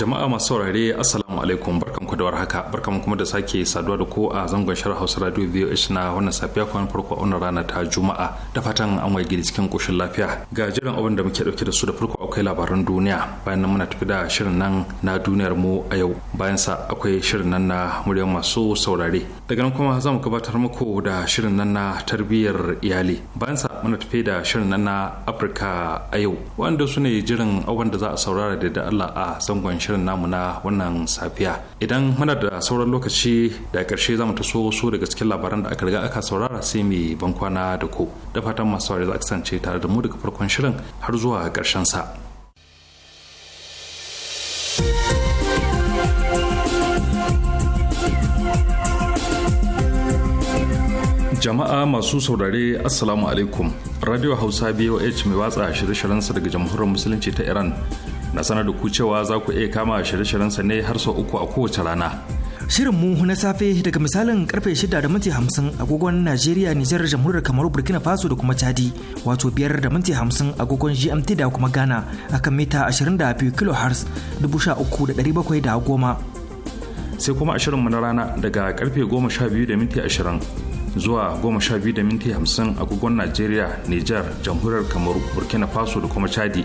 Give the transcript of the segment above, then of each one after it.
jama'a masu saurare assalamu alaikum barkan barkanku da haka barkanku kuma da sake saduwa da ko a zangon shirin Hausa Radio VOH na wannan safiya kuma farko a wannan rana ta Juma'a da fatan an waye gidi cikin koshin lafiya ga jiran abin da muke dauke da su da farko akwai labaran duniya bayan nan muna tafi da shirin nan na duniyar mu a yau bayan sa akwai shirin nan na muryar masu saurare daga nan kuma za mu gabatar muku da shirin nan na tarbiyyar iyali bayan sa muna tafi da shirin nan na Afirka a yau wanda su ne jiran abin da za a saurara da Allah a zangon shirin namu na wannan safiya idan muna da sauran lokaci da karshe zamu ta so su daga cikin labaran da aka riga aka saurara sai mai bankwana da ku da fatan masu saurari za a kasance tare da mu daga farkon shirin har zuwa karshen sa jama'a masu saurare assalamu alaikum radio hausa boh mai watsa shirye-shiryensa daga jamhuriyar musulunci ta iran na sanar da ku cewa za ku iya kama shirye-shiryen sa ne har sau uku a kowace rana. Shirin mu na safe daga misalin karfe 6 da minti 50 agogon Najeriya, Nijar, Jamhuriyar Kamaru, Burkina Faso da kuma Chadi, wato 5 da minti 50 agogon GMT da kuma Ghana akan mita 22 kHz 13,710. Sai kuma a shirinmu na rana daga karfe 12 da minti 20 zuwa goma sha biyu da minti hamsin agogon najeriya niger jamhuriyar kamaru burkina faso da kuma chadi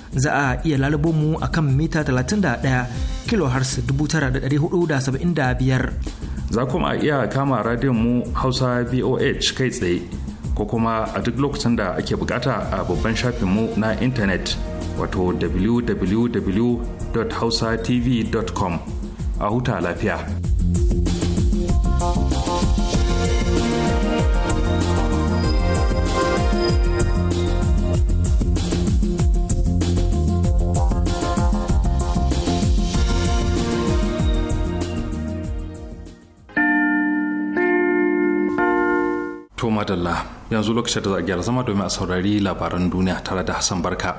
za a iya lalubo mu a kan mita 31 kilohertz biyar. Za kuma a iya kama radiyon mu Hausa VOH kai tsaye ko kuma a duk lokacin da ake bukata a babban shafin mu na intanet wato www.hausatv.com a huta lafiya. To madalla yanzu lokacin da za a gyara zama domin a saurari labaran duniya tare da Hassan Barka.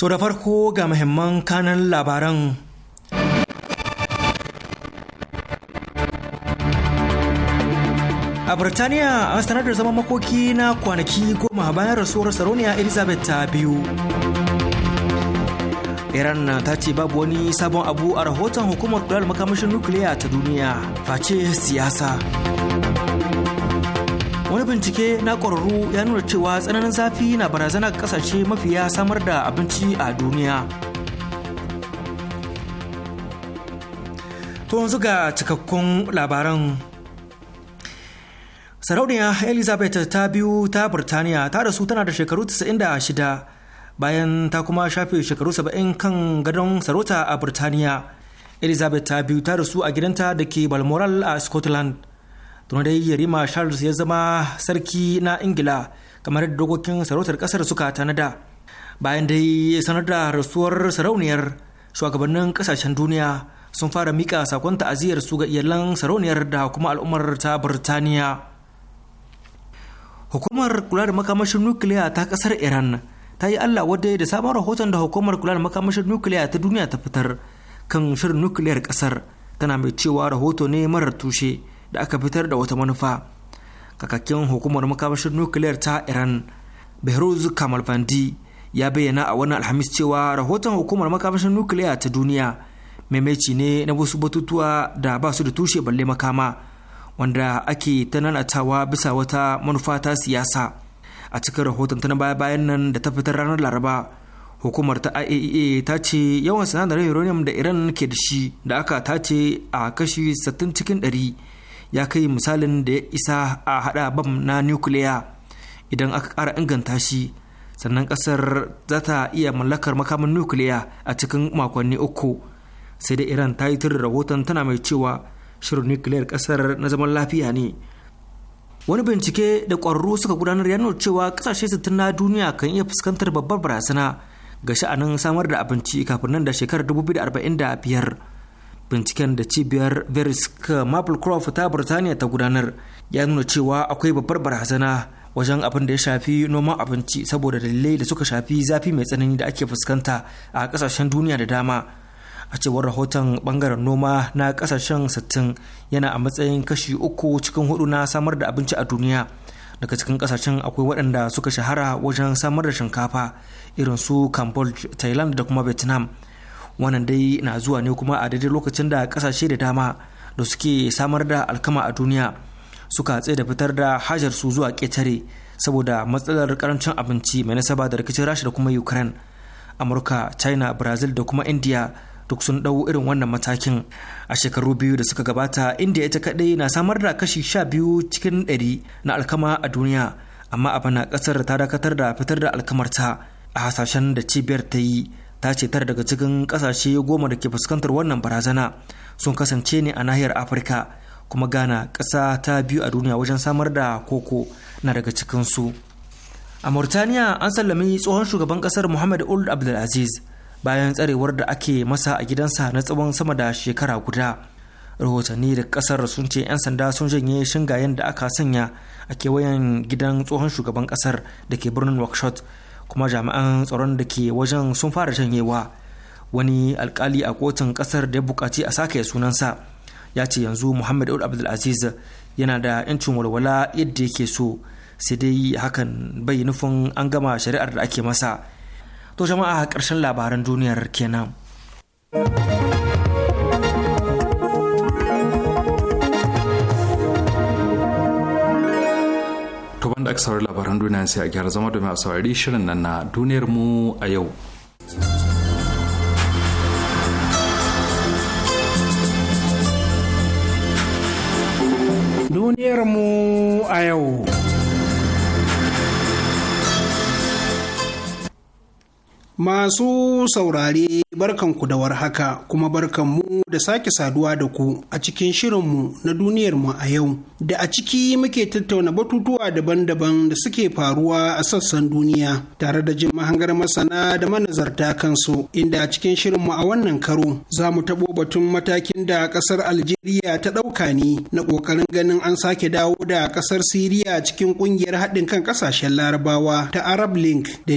To da farko ga muhimman kanan labaran A Birtaniya an sanar da zaman makoki na kwanaki goma bayan rasuwar Sarauniya Elizabeth ta biyu. iran ta ce babu wani sabon abu a rahoton hukumar kula da makamashin nukiliya ta duniya face siyasa wani bincike na ƙwararru ya nuna cewa tsananin zafi na barazana ga kasashe mafiya samar da abinci a duniya to yanzu ga cikakkun labaran sarauniya elizabeth ta biyu ta burtaniya ta rasu tana da shekaru 96 bayan ta kuma shafe shekaru saba'in kan gadon sarauta a birtaniya elizabeth ta biyu ta rasu a gidanta da ke balmoral a scotland tuna dai yarima charles ya zama sarki na ingila kamar da dokokin sarautar kasar suka tanada bayan dai sanar da rasuwar sarauniyar shugabannin kasashen duniya sun fara mika sakon ta'aziyar su ga iyalan sarauniyar da kuma al'ummar ta Birtaniya. Hukumar kula da makamashin nukiliya ta kasar Iran ta yi Allah wadda da sabon rahoton da hukumar kula da makamashin nukiliya ta duniya ta fitar kan shirin nukiliyar kasar tana mai cewa rahoto ne marar tushe da aka fitar da wata manufa kakakin hukumar makamashin nukiliyar ta iran behruz kamalfandi ya bayyana a wani alhamis cewa rahoton hukumar makamashin nukiliya ta duniya maimaici ne na wasu batutuwa da ba su da tushe balle makama wanda ake ta bisa wata manufa ta siyasa a cikin rahoton ta na baya-bayan nan da ta fitar ranar laraba hukumar ta iaea e ta ce yawan sinadarin uranium da iran ke da shi da aka tace a kashi 60 cikin 100 ya kai misalin da ya isa a hada bam na nukiliya idan aka kara inganta shi sannan kasar za ta iya mallakar makamin nukiliya a cikin makonni uku sai da iran ta yi rahoton tana mai cewa shirin nukiliyar kasar na zaman lafiya ne wani bincike da ƙwararru suka gudanar ya nuna cewa ƙasashe sittin na duniya kan iya fuskantar babbar barazana ga sha'anin samar da abinci kafin nan da shekarar 2045 binciken da cibiyar verisk maplecroft ta burtaniya ta gudanar ya nuna cewa akwai babbar barazana wajen abin da ya shafi noman abinci saboda dalilai da suka shafi zafi mai tsanani da ake fuskanta a kasashen duniya da dama a cewar rahoton bangaren noma na kasashen 60 yana a matsayin kashi uku cikin hudu na samar da abinci a duniya daga cikin kasashen akwai waɗanda suka shahara wajen samar da shinkafa irin su cambodia thailand da kuma vietnam wannan dai na zuwa ne kuma a daidai lokacin da kasashe da dama da suke samar da alkama a duniya suka tsaye da fitar da hajar su zuwa ketare saboda matsalar karancin abinci mai nasaba da rikicin rasha da kuma ukraine amurka china brazil da kuma india duk sun ɗau irin wannan matakin a shekaru biyu da suka gabata inda ita kaɗai na samar da kashi sha biyu cikin ɗari na alkama a duniya amma a bana ƙasar ta dakatar da fitar da alkamarta a hasashen da cibiyar ta yi ta ce tara daga cikin ƙasashe goma da ke fuskantar wannan barazana sun kasance ne a nahiyar afirka kuma ghana ƙasa ta biyu a duniya wajen samar da koko na daga cikinsu a murtaniya an sallami tsohon shugaban ƙasar muhammad old abdulaziz bayan tsarewar da ake masa a gidansa na tsawon sama da shekara guda rahotanni da kasar sun ce 'yan sanda sun janye shingayen da aka sanya a kewayen gidan tsohon shugaban kasar da ke birnin workshop kuma jami'an tsaron da ke wajen sun fara janyewa wani alkali a kotun kasar da ya bukaci a sake sunansa ya ce yanzu muhammad abdulaziz yana da 'yancin walwala yadda yake so sai dai hakan bai nufin an gama shari'ar da ake masa to jama'a a ƙarshen labaran duniyar kenan. To banda aka saurari labaran duniya sai a gyara zama domin a saurari shirin nan na duniyar mu a yau. Duniyar mu a yau. Masu saurare barkanku da warhaka kuma barkanmu da sake saduwa da ku a cikin shirinmu na duniyarmu a yau da a ciki muke tattauna batutuwa daban-daban da suke faruwa a sassan duniya tare da jin mahangar masana da manazarta kansu inda a cikin shirinmu a wannan karo za mu tabo batun matakin da kasar Algeria ta ɗauka ne na ƙoƙarin ganin an sake dawo da kasar Siriya cikin ƙungiyar haɗin kan ƙasashen Larabawa ta Arab Link da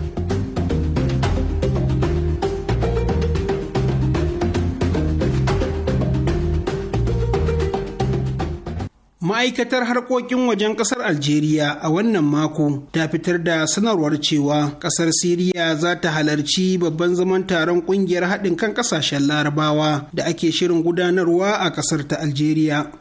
ma'aikatar harkokin wajen ƙasar algeria a wannan mako ta fitar da sanarwar cewa ƙasar siriya za ta halarci babban zaman taron ƙungiyar haɗin kan ƙasashen larabawa da ake shirin gudanarwa a ƙasar ta algeria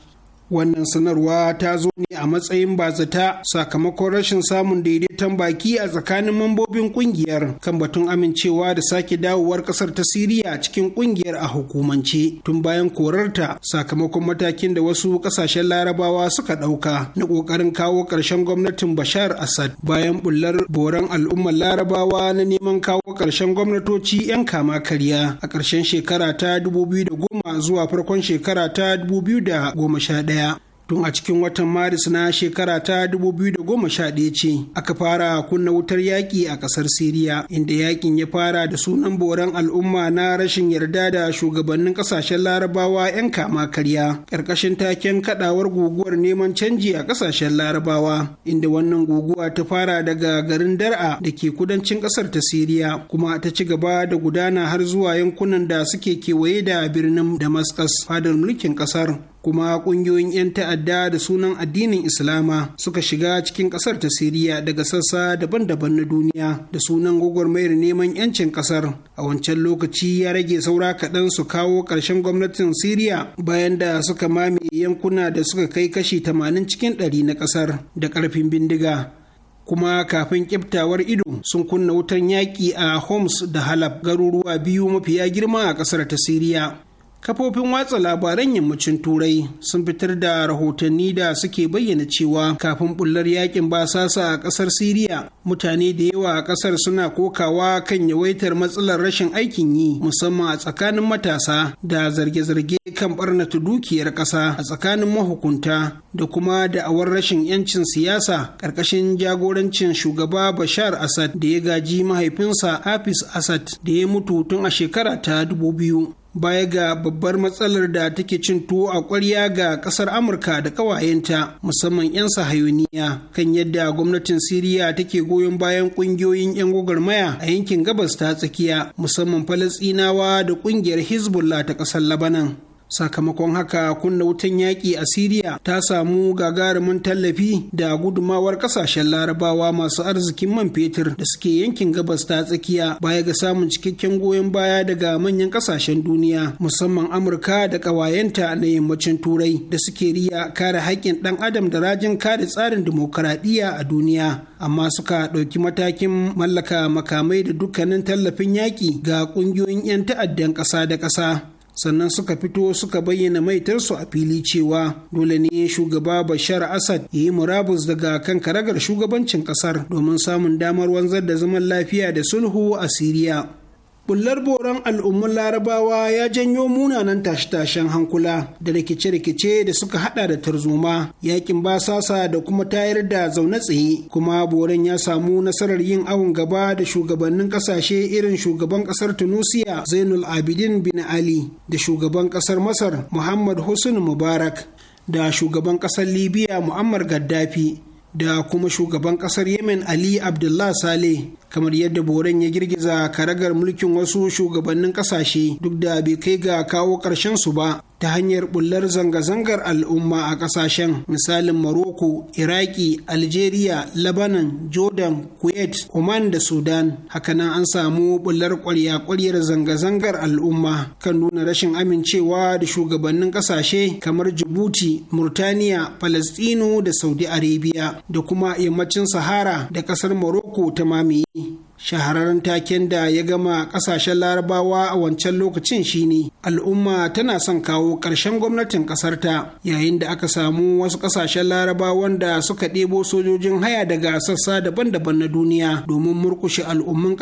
wannan sanarwa ta zo ne a matsayin bazata sakamakon rashin samun daidaiton baki a tsakanin mambobin kungiyar kan batun amincewa da sake dawowar kasar ta siriya cikin kungiyar a hukumance tun bayan korarta sakamakon matakin da wasu kasashen larabawa suka ɗauka na ƙoƙarin kawo ƙarshen gwamnatin bashar assad bayan bullar boran al'ummar larabawa na neman kawo ƙarshen gwamnatoci 'yan kama karya a ƙarshen shekara ta 2010 zuwa farkon shekara ta 2011 baya tun a cikin watan maris na shekara ta 2011 ce aka fara kunna wutar yaƙi a ƙasar siriya inda yaƙin ya fara da sunan boran al'umma na rashin yarda da shugabannin ƙasashen larabawa 'yan kama karya ƙarƙashin taken kaɗawar guguwar neman canji a ƙasashen larabawa inda wannan guguwa ta fara daga garin dar'a da ke kudancin ƙasar ta siriya kuma ta ci gaba da gudana har zuwa yankunan da suke kewaye da birnin damascus fadar mulkin ƙasar kuma kungiyoyin 'yan ta'adda da sunan addinin islama suka shiga cikin kasar ta siriya daga sassa daban-daban na duniya da sunan gwagwarmayar neman 'yancin kasar a wancan lokaci ya rage saura kaɗan su kawo ƙarshen gwamnatin siriya bayan da suka mame yankuna da suka kai kashi 80 cikin 100 na kasar da ƙarfin bindiga kuma kafin kiftawar ido sun kunna wutan yaƙi a Homs da Halab garuruwa biyu mafiya girma a ƙasar ta Siriya Kafofin watsa labaran yammacin Turai sun fitar da rahotanni da suke bayyana cewa kafin bullar yakin basasa a kasar Siriya mutane da yawa a kasar suna kokawa kan yawaitar matsalar rashin aikin yi musamman a tsakanin matasa da zarge-zarge kan barnata dukiyar kasa a tsakanin mahukunta da kuma da'awar rashin 'yancin siyasa ƙarƙashin jagorancin shugaba Bashar Assad da ya gaji mahaifinsa Hafiz Assad da ya mutu tun a shekara ta 2000. baya ga babbar matsalar da take cin tuwo a ƙwarya ga ƙasar amurka da ƙawayenta musamman 'yan sahayoniya kan yadda gwamnatin siriya take goyon bayan ƙungiyoyin 'yan gwagwarmaya a yankin gabas ta tsakiya musamman falasɗinawa da ƙungiyar hezbollah ta ƙasar labanan sakamakon haka kunna wutan yaƙi a siriya ta samu gagarumin tallafi da gudumawar ƙasashen larabawa masu arzikin man fetur da suke yankin gabas ta tsakiya baya ga samun cikakken goyon baya daga manyan ƙasashen duniya musamman amurka da ƙawayenta na yammacin turai da suke riya kare haƙƙin ɗan adam da rajin kare tsarin dimokuraɗiyya a duniya amma suka ɗauki matakin mallaka makamai da dukkanin tallafin yaƙi ga ƙungiyoyin 'yan ta'addan ƙasa da ƙasa sannan suka fito suka bayyana maitarsu a fili cewa dole ne shugaba bashar asad ya yi murabus daga kan karagar shugabancin kasar domin samun damar wanzar da zaman lafiya da sulhu a siriya Kullar boron al'ummar larabawa ya janyo munanan tashe-tashen hankula da rikice-rikice da suka hada da tarzoma yakin basasa da kuma tayar da zaune tsaye kuma boron ya samu nasarar yin awon gaba da shugabannin kasashe irin shugaban kasar tunisia zainul abidin bin ali da shugaban kasar masar muhammad hussein mubarak da shugaban kasar libya muammar gaddafi da kuma shugaban kasar yemen ali abdullah saleh kamar yadda boren ya girgiza karagar mulkin wasu shugabannin kasashe duk da bai kai ga kawo ƙarshen su ba ta hanyar bullar zanga-zangar al'umma a ƙasashen misalin Maroko, Iraki, Algeria, Lebanon, Jordan, Kuwait, Oman da Sudan. Hakanan an samu bullar kwarya-kwaryar zanga-zangar al'umma kan nuna rashin amincewa da shugabannin ƙasashe kamar Djibouti, Murtaniya, Falastinu da Saudi Arabia da kuma yammacin Sahara da ƙasar Maroko ta mamaye. shahararren taken da ya gama kasashen larabawa a wancan lokacin shine al'umma tana son kawo ƙarshen gwamnatin ƙasarta yayin da aka samu wasu ƙasashen larabawan da suka ɗebo sojojin haya daga sassa daban-daban na duniya domin murkushe al'umman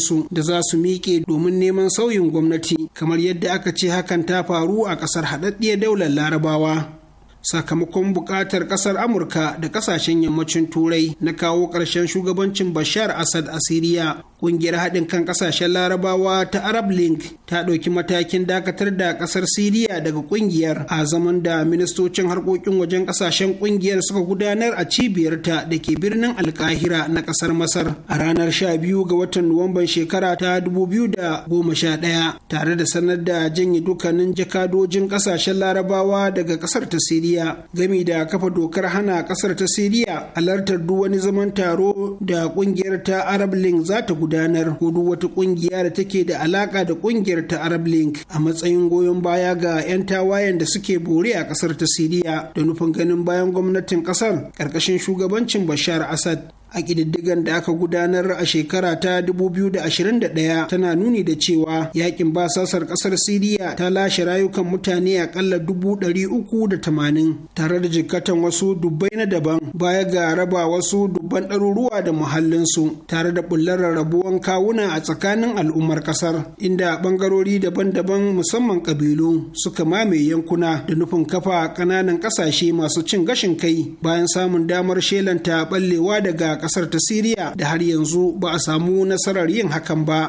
su da za su miƙe domin neman sauyin gwamnati kamar yadda aka ce hakan ta faru a ƙasar haɗaɗɗiyar daular larabawa sakamakon buƙatar ƙasar amurka da ƙasashen yammacin turai na kawo ƙarshen shugabancin bashar asad a siriya ƙungiyar haɗin kan ƙasashen larabawa ta arab link ta ɗauki matakin dakatar da ƙasar siriya daga ƙungiyar a zaman da ministocin harkokin wajen ƙasashen ƙungiyar suka gudanar a cibiyarta da ke birnin alkahira na ƙasar masar a ranar 12 ga watan nuwamban shekara ta 2011 tare da sanar da janye dukkanin jakadojin ƙasashen larabawa daga ƙasar ta siriya siriya gami da kafa dokar hana kasar ta siriya halartar duk wani zaman taro da kungiyar ta arab link za ta gudanar ko duk wata kungiya da take da alaka da kungiyar ta arab link a matsayin goyon baya ga 'yan tawayen da suke bore a kasar ta siriya da nufin ganin bayan gwamnatin kasar karkashin shugabancin bashar assad a ƙididdigan da aka gudanar a shekara ta 2021 tana nuni da cewa yakin basasar ƙasar siriya ta lashe rayukan mutane akalla 380 tare da jikkatan wasu dubbai na daban baya ga raba wasu dubban ɗaruruwa da muhallinsu tare da bullar rabuwan kawuna a tsakanin al'ummar ƙasar inda ɓangarori daban-daban musamman ƙabilu suka mamaye yankuna da nufin kafa ƙananan ƙasashe masu cin gashin kai bayan samun damar shelanta ɓallewa daga kasar ta siriya da har yanzu ba a samu nasarar yin hakan ba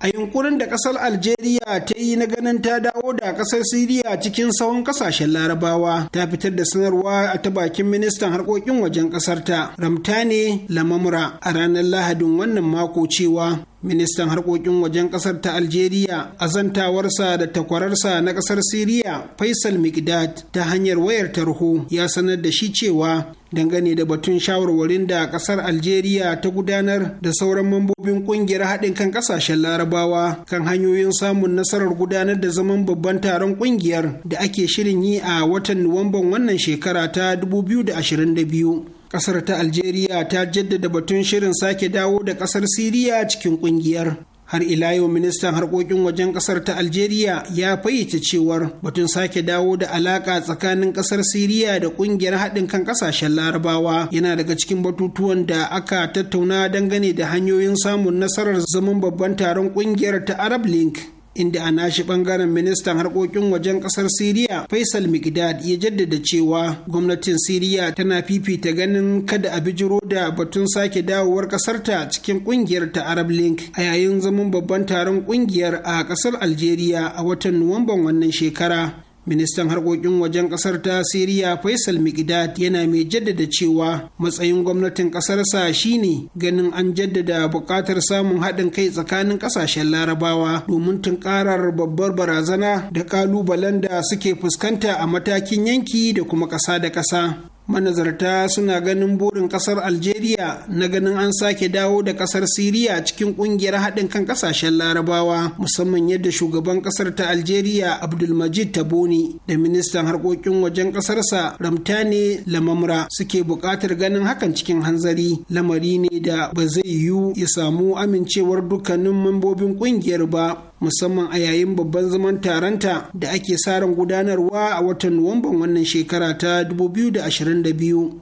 a yunkurin da kasar algeria ta yi na ganin ta dawo da kasar siriya cikin tsawon kasashen larabawa ta fitar da sanarwa a ta bakin ministan harkokin wajen kasar ta ramtane lamamura a ranar lahadin wannan mako cewa ministan harkokin wajen kasar ta algeria azantawarsa da takwararsa na kasar siriya faisal mikdad ta hanyar wayar tarho ya sanar da shi cewa dangane da batun shawarwarin da kasar algeria ta gudanar da sauran mambobin kungiyar haɗin kan ƙasashen larabawa kan hanyoyin samun nasarar gudanar da zaman babban taron kungiyar da ake shirin yi a watan nuwamban wannan shekara ta 2022 Kasar ta Algeria ta jaddada batun shirin sake dawo da kasar Siriya cikin kungiyar. har ila yau ministan harkokin wajen kasar ta algeria ya fayyace cewar batun sake dawo da alaka tsakanin kasar siriya da kungiyar haɗin kan kasashen larabawa yana daga cikin batutuwan da aka tattauna dangane da hanyoyin samun nasarar zaman babban taron kungiyar ta arab link inda a nashi bangaren ministan harkokin wajen kasar siriya faisal migdad ya jaddada cewa gwamnatin siriya tana fifita ganin kada a bijiro da batun sake dawowar kasarta cikin kungiyar ta arab link a yayin zaman babban taron kungiyar a kasar algeria a watan nuwamban wannan shekara ministan harkokin wajen kasar ta siriya faisal mikdad yana mai jaddada cewa matsayin gwamnatin kasarsa shine ganin an jaddada buƙatar samun haɗin kai tsakanin ƙasashen larabawa domin tunkarar babbar barazana da ƙalubalen da suke fuskanta a matakin yanki da kuma ƙasa da ƙasa manazarta suna ganin burin kasar algeria na ganin an sake dawo da kasar siriya cikin kungiyar haɗin kan ƙasashen larabawa musamman yadda shugaban kasar ta algeria abdulmajid taboni da ministan harkokin wajen ƙasarsa ramtane lamamra suke buƙatar ganin hakan cikin hanzari lamari ne da ba zai yiwu ya samu amincewar dukkanin membobin kungiyar ba musamman a yayin babban zaman taronta da ake saran gudanarwa a watan Nuwamban wannan shekara ta 2022.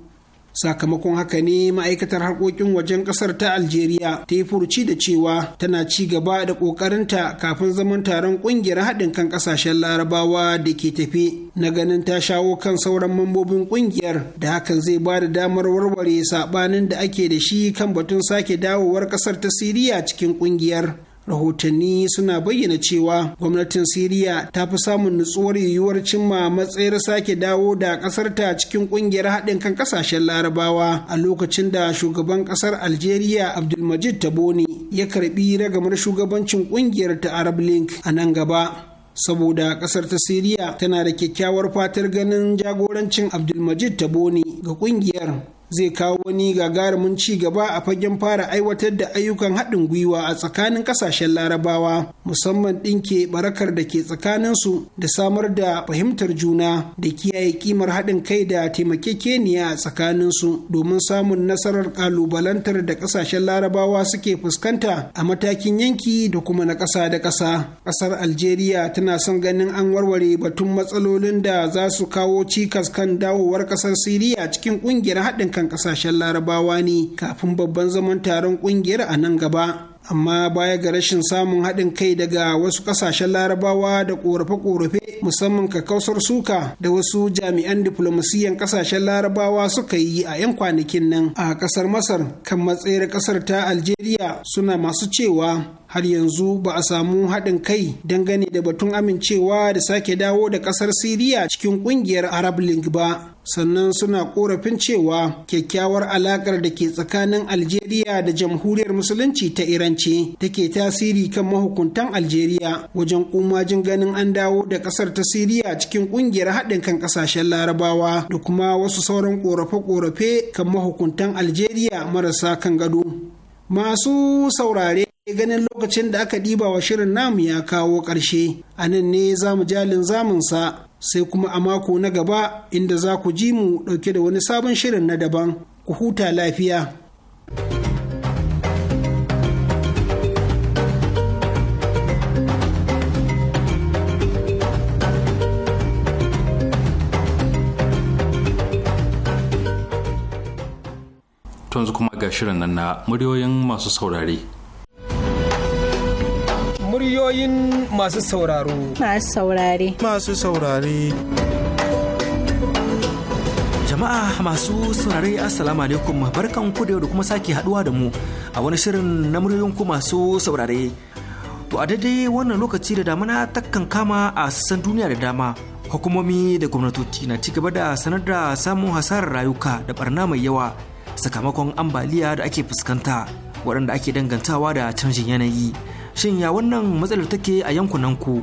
Sakamakon haka ne ma'aikatar harkokin wajen kasar ta Algeria ta yi furuci da cewa tana ci gaba da ƙoƙarinta kafin zaman taron ƙungiyar haɗin kan ƙasashen larabawa da ke tafi na ganin ta shawo kan sauran mambobin ƙungiyar da hakan zai ba da damar warware saɓanin da ake da shi kan batun sake dawowar ƙasar ta Siriya cikin ƙungiyar. rahotanni suna bayyana cewa gwamnatin siriya ta fi samun nutsuwar yiwuwar cimma matsayar sake dawo da ƙasarta ta cikin ƙungiyar haɗin kan ƙasashen larabawa a lokacin da shugaban ƙasar algeria abdulmajid taboni ya karɓi ragamar shugabancin ƙungiyar ta arab link a nan gaba saboda ƙasar ta siriya tana da kyakkyawar fatar ganin jagorancin abdulmajid taboni ga ƙungiyar. zai kawo wani gagarumin ci gaba a fagen fara aiwatar da ayyukan haɗin gwiwa a tsakanin ƙasashen larabawa musamman ɗinke barakar da ke tsakanin su da samar da fahimtar juna da kiyaye ƙimar haɗin kai da taimakekeniya a su domin samun nasarar ƙalubalantar da ƙasashen larabawa suke fuskanta a matakin yanki da kuma na ƙasa da ƙasa ƙasar algeria tana son ganin an warware batun matsalolin da za su kawo cikas kan dawowar ƙasar siriya cikin ƙungiyar haɗin kan kasashen larabawa ne kafin babban zaman taron kungiyar a nan gaba amma baya ga rashin samun haɗin kai daga wasu ƙasashen larabawa da ƙorafe-ƙorafe musamman kakausar suka da wasu jami'an diflomasiyan ƙasashen larabawa suka yi a 'yan kwanakin nan a ƙasar masar kan matsayar ƙasar ta algeria suna masu cewa har yanzu ba a samu haɗin kai dangane da batun amincewa da sake dawo da ƙasar siriya cikin ƙungiyar arab league ba sannan suna korafin cewa kyakkyawar alaƙar da ke tsakanin algeria da jamhuriyar musulunci ta iran ce take tasiri kan mahukuntan algeria wajen ƙumajin ganin an dawo da ƙasar ta siriya cikin ƙungiyar haɗin kan ƙasashen larabawa da kuma wasu sauran ƙorafe korafe kan mahukuntan algeria marasa kan gado masu saurare ganin lokacin da aka ɗiba wa shirin namu ya kawo ƙarshe a nan ne za mu jalin zamunsa sai kuma a mako na gaba inda za ku ji mu ɗauke da wani sabon shirin na daban ku huta lafiya. Tunzu kuma ga shirin nan na muryoyin masu saurare. Muryoyin masu sauraro. Masu saurare. Masu saurare. Jama'a masu saurare Assalamu alaikum barkan ku da yau da kuma sake haduwa da mu a wani shirin na muryoyin masu saurare. To a daidai wannan lokaci da damuna takan kama a sassan duniya da dama. Hukumomi da gwamnatoci na ci gaba da sanar da samun hasarar rayuka da barna mai yawa sakamakon ambaliya da ake fuskanta waɗanda ake dangantawa da canjin yanayi. shin ya wannan matsalar take a yankunan ku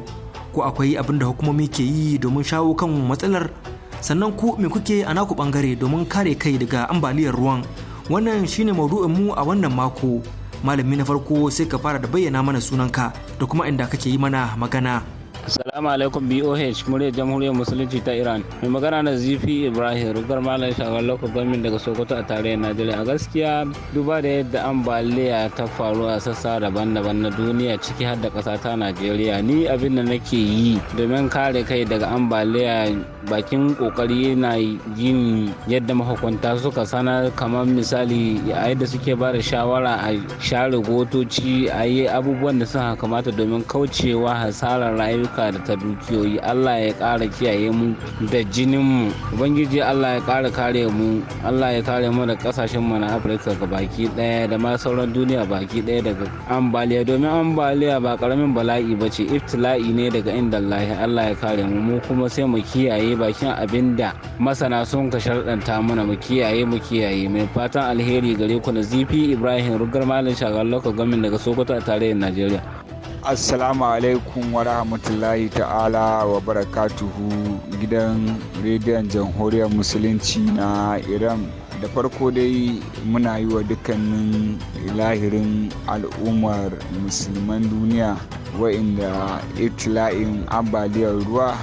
ko akwai abin da hukumomi ke yi domin shawo kan matsalar sannan ku me kuke a naku bangare domin kare kai daga ambaliyar ruwan wannan shine maudu'in mu a wannan mako malami na farko sai ka fara da bayyana mana sunanka da kuma inda kake yi mana magana Salamu alaikum BOH Murya jamhuriyar musulunci ta Iran. Mai magana na Zifi Ibrahim rugar malam shagar local government daga Sokoto a tarayyar Najeriya. A gaskiya duba da yadda ambaliya ta faru a sassa daban-daban na duniya ciki har da ƙasa ta Najeriya. Ni abin da nake yi domin kare kai daga ambaliya bakin kokari yana yin yadda mahukunta suka sanar kamar misali a yadda suke ba da shawara a share gotoci a yi abubuwan da suka kamata domin kaucewa hasarar rayuka rayuka da ta dukiyoyi allah ya ƙara kiyaye mu da jinin mu ubangiji allah ya ƙara kare mu allah ya kare mu da ƙasashen mu na afirka ga baki da ma sauran duniya baki ɗaya daga ambaliya domin ambaliya ba karamin bala'i ba ce iftila'i ne daga inda allah allah ya kare mu mu kuma sai mu kiyaye bakin abinda masana sun ka sharɗanta mana mu kiyaye mu kiyaye mai fatan alheri gare ku na zifi ibrahim rugar malin shagar lokacin gamin daga sokoto a tarayyar najeriya assalamu alaikum wa rahmatullahi ta'ala wa barakatuhu gidan rediyon jamhuriyar musulunci na iran da farko dai muna yi wa dukkanin lahirin al'ummar musulman duniya wa'inda itila'in ambaliyar ruwa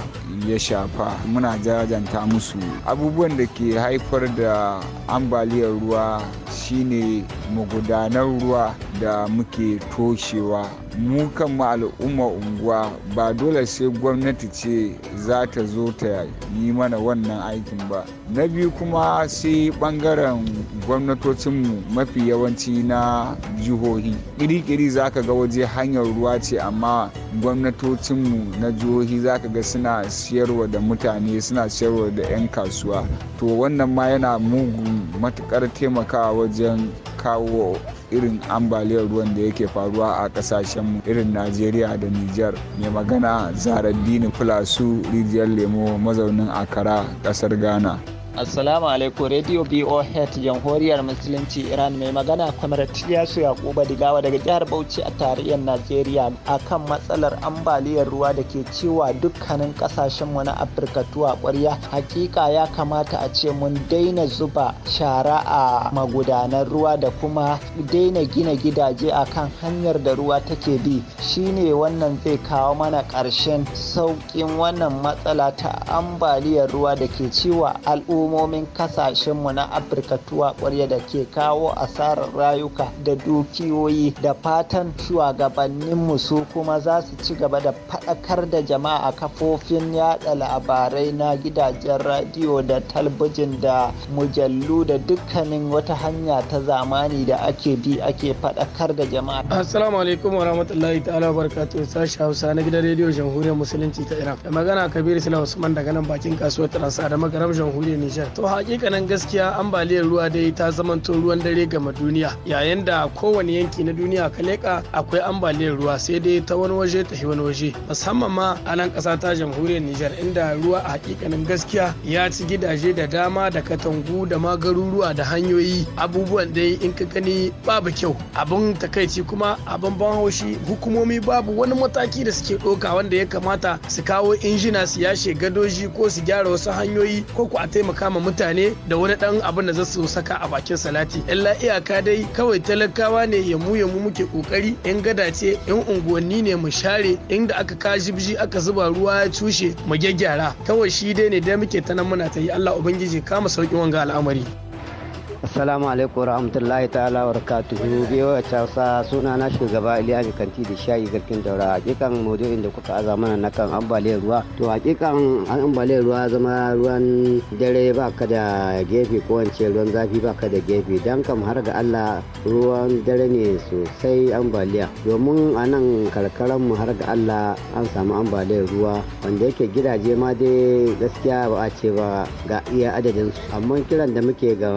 ya shafa muna jajanta musu abubuwan da ke haifar da ambaliyar ruwa shine magudanar ruwa da muke toshewa mu kanmu al'umma unguwa ba dole sai gwamnati ce za ta zo ta yi mana wannan aikin ba na biyu kuma sai bangaren gwamnatocinmu mafi yawanci na jihohi kiri-kiri za ka ga waje hanyar ruwa ce amma gwamnatocinmu na jihohi za ka ga suna siyarwa da mutane suna siyarwa da 'yan kasuwa to wannan ma yana mugu matukar taimakawa wajen kawo irin ambaliyar ruwan da yake faruwa a kasashen irin najeriya da niger mai magana zarar dini fulasu rijiyar lemo mazaunin akara kasar ghana Assalamu alaikum Radio BOH Jamhuriyar Musulunci Iran mai magana kamar Tiyasu Yakuba Digawa daga jihar Bauchi a tarayyar Najeriya akan matsalar ambaliyar ruwa da ke cewa dukkanin kasashen mu na Afirka tuwa ƙwarya. Hakika ya kamata a ce mun daina zuba shara a magudanan ruwa da kuma daina gina gidaje akan hanyar da ruwa take bi. Shine wannan zai kawo mana ƙarshen sauƙin wannan matsala ta ambaliyar ruwa da ke cewa al'umma hukumomin kasashenmu na afirka tuwa kwarya da ke kawo asarar rayuka da dukiyoyi da fatan shugabanninmu su kuma za su ci gaba da faɗakar da jama'a kafofin yada labarai na gidajen radiyo da talbijin da mujallu da dukkanin wata hanya ta zamani da ake bi ake faɗakar da jama'a assalamu alaikum warahmatullahi ta'ala barakatuh sashi hausa na gidan rediyo jamhuriyar musulunci ta iran da magana kabiru sila usman daga nan bakin kasuwar transa da magaram jamhuriyar Niger. To hakikanin gaskiya ambaliyar ruwa dai ta zamanto ruwan dare ga duniya yayin da kowane yanki na duniya ka leƙa akwai ambaliyar ruwa sai dai ta wani waje ta wani waje musamman ma a nan ƙasa ta jamhuriyar Nijar inda ruwa a hakikanin gaskiya ya ci gidaje da dama da katangu da ma garuruwa da hanyoyi abubuwan dai in ka gani babu kyau abun takaici kuma abin ban haushi hukumomi babu wani mataki da suke ɗauka wanda ya kamata su kawo injina su yashe gadoji ko su gyara wasu hanyoyi ko ku a taimaka kama mutane da wani dan abin da za su saka a bakin salati illa iyaka dai kawai talakawa ne ya mu ya mu muke kokari in gada ce in unguwanni ne mu share inda aka kashi biji aka zuba ruwa ya cushe mu gyaggyara kawai shi dai ne dai muke ta nan muna ta yi Allah ubangiji kama sauki wanga al'amari assalamu alaikum rahmatullahi ta'ala wa barakatuhu biyo a suna na shugaba iliya kanti da shayi garkin daura hakikan maudu'in da kuka aza mana na kan ambaliyar ruwa to hakikan ambaliyar ruwa zama ruwan dare ba ka da gefe ko wance ruwan zafi ba ka da gefe dan kam har ga Allah ruwan dare ne sosai ambaliya domin a nan karkaran mu har ga Allah an samu ambaliyar ruwa wanda yake gidaje ma dai gaskiya ba a ce ba ga iya adadin su amma kiran da muke ga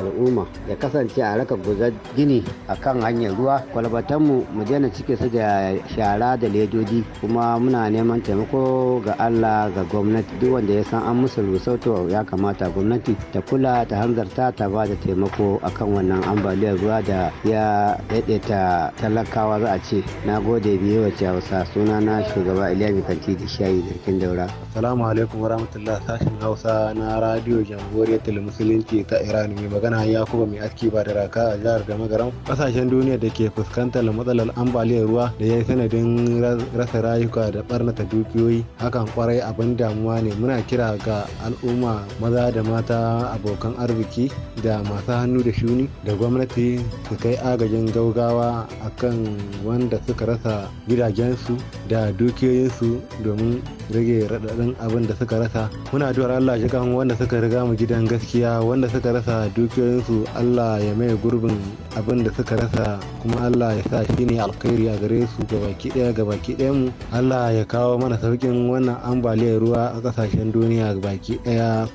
al'umma ya kasance a raka guzar gini a kan hanyar ruwa kwalbatanmu mu daina cike su da shara da ledoji kuma muna neman taimako ga allah ga gwamnati duk wanda ya san an musu rusau ya kamata gwamnati ta kula ta hanzarta ta ba da taimako a kan wannan ambaliyar ruwa da ya daidaita talakawa za a ce na gode biyu wacce hausa suna na shugaba iliya mikanti da shayi zarkin daura assalamu alaikum warahmatullah sashen hausa na radio jamhuriyar musulunci ta iran mai magana magana yakuba mai aski ba da raka a jihar da magaram kasashen duniya da ke fuskantar matsalar ambaliyar ruwa da ya yi sanadin rasa rayuka da barnata dukiyoyi hakan kwarai abin damuwa ne muna kira ga al'umma maza da mata abokan arziki da masu hannu da shuni da gwamnati su kai agajin gaugawa akan wanda suka rasa gidajensu da dukiyoyinsu domin rage raɗaɗin abin da suka rasa muna duwar allah shi wanda suka riga mu gidan gaskiya wanda suka rasa dukiyoyi dukiyoyinsu Allah ya mai gurbin abin da suka rasa kuma Allah ya sa shi ne alkhairi a gare su ga baki ɗaya ga baki ɗaya mu Allah ya kawo mana sauƙin wannan ambaliyar ruwa a ƙasashen duniya ga baki ɗaya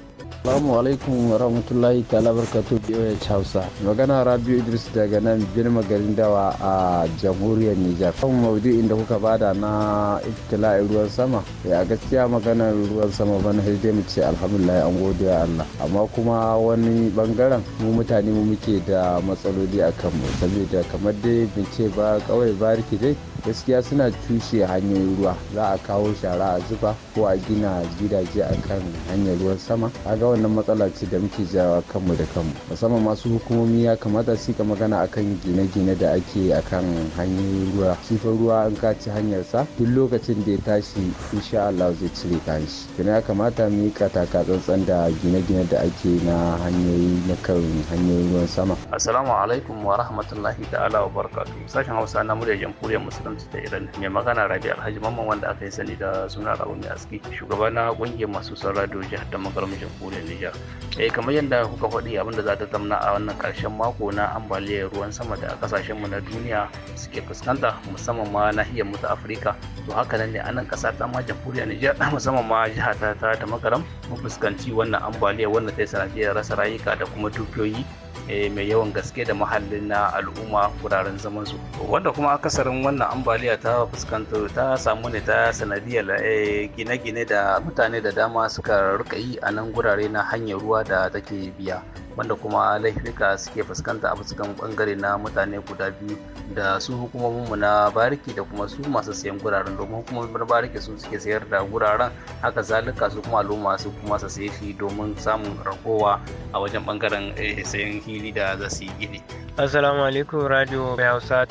Assalamu alaikum wa rahmatullahi ta'ala barkatu BOH Hausa. Magana Rabiu Idris daga nan Birma garin Dawa a jamhuriyar Nijar. Kan maudu'in da kuka bada na ibtila'in ruwan sama. Ya gaskiya maganar ruwan sama bana dai mu ce alhamdulillah an gode wa Allah. Amma kuma wani bangaren mu mutane mu muke da matsaloli a mu saboda kamar dai ce ba kawai bariki dai gaskiya suna cushe hanyoyin ruwa za a kawo shara a zuba ko a gina gidaje akan hanyar ruwan sama. Kaga wannan matsala ce da muke jawa kanmu da kanmu musamman masu hukumomi ya kamata su ka magana akan gine-gine da ake akan hanyoyin ruwa sifar ruwa an kaci ci hanyarsa duk lokacin da ya tashi insha Allah zai cire kan shi kuma ya kamata mu yi kataka tsantsan da gine-gine da ake na hanyoyi na kan hanyoyin ruwan sama assalamu alaikum wa rahmatullahi ta'ala wa barakatuh sashen Hausa na muryar jamhuriyar musulunci da Iran mai magana Rabi Alhaji Mamman wanda aka yi sani da suna Rabu Mai Aski shugaba na kungiyar masu son radio jihar da jamhuriyar Nijar. eh kamar yadda kuka faɗi abinda za ta zamna a wannan ƙarshen mako na ambaliyar ruwan sama da kasashen mu na duniya suke fuskanta musamman ma nahiyar mu ta afirka to haka nan ne a nan ƙasa ta ma jamhuriyar nijar musamman ma jiha ta ta makaram mun fuskanci wannan ambaliyar wannan ta yi sanadiyar rasa rayuka da kuma dukiyoyi Eh, mai yawan gaske da muhallin na al'umma wuraren zaman su wanda kuma akasarin wannan ambaliya ta fuskantar ta samu ne ta sanadiyar eh, gine-gine da mutane da dama suka rika yi a nan gurare na hanyar ruwa da take biya wanda kuma laifuka suke fuskanta a fuskan bangare na mutane guda biyu da su hukumomin mu na bariki da kuma su masu sayan guraren domin hukumomin bariki su suke sayar da guraren haka zalika su kuma al'umma su kuma su saye shi domin samun ragowa a wajen bangaren eh, sayan hili da za su yi gini. Assalamu alaikum radio mai Hausa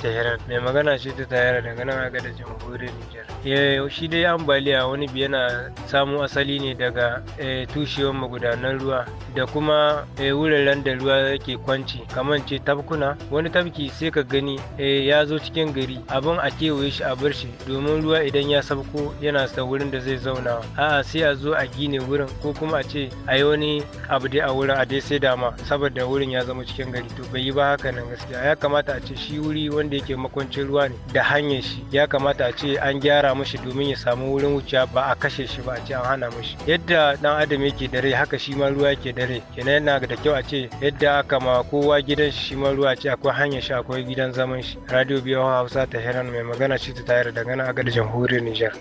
mai magana shi ta tayar daga nan ga da jamhuriyar Nijar. Eh, shi dai ambaliya wani biyu yana samu asali ne daga eh, tushewar magudanan ruwa da kuma eh, wuraren da ruwa yake kwanci kamar ce tafkuna wani tafki sai ka gani ya zo cikin gari abin a kewaye shi a bar shi domin ruwa idan ya sauko yana sa wurin da zai zauna a'a sai a zo a gine wurin ko kuma a ce a yi wani abu dai a wurin a dai sai dama saboda wurin ya zama cikin gari to bai yi ba haka nan gaskiya ya kamata a ce shi wuri wanda yake makwancin ruwa ne da hanyar shi ya kamata a ce an gyara mishi mashi domin ya samu wurin wuciya ba a kashe shi ba a ce an hana mashi yadda dan adam yake dare haka shi ma ruwa yake dare kenan yana da kyau a ce yadda aka ma kowa gidan shi shi ma ruwa ce akwai hanyar shi akwai gidan zaman shi radio biyu hausa ta heran mai magana shi ta tayar da gana a gadar jamhuriyar nijar.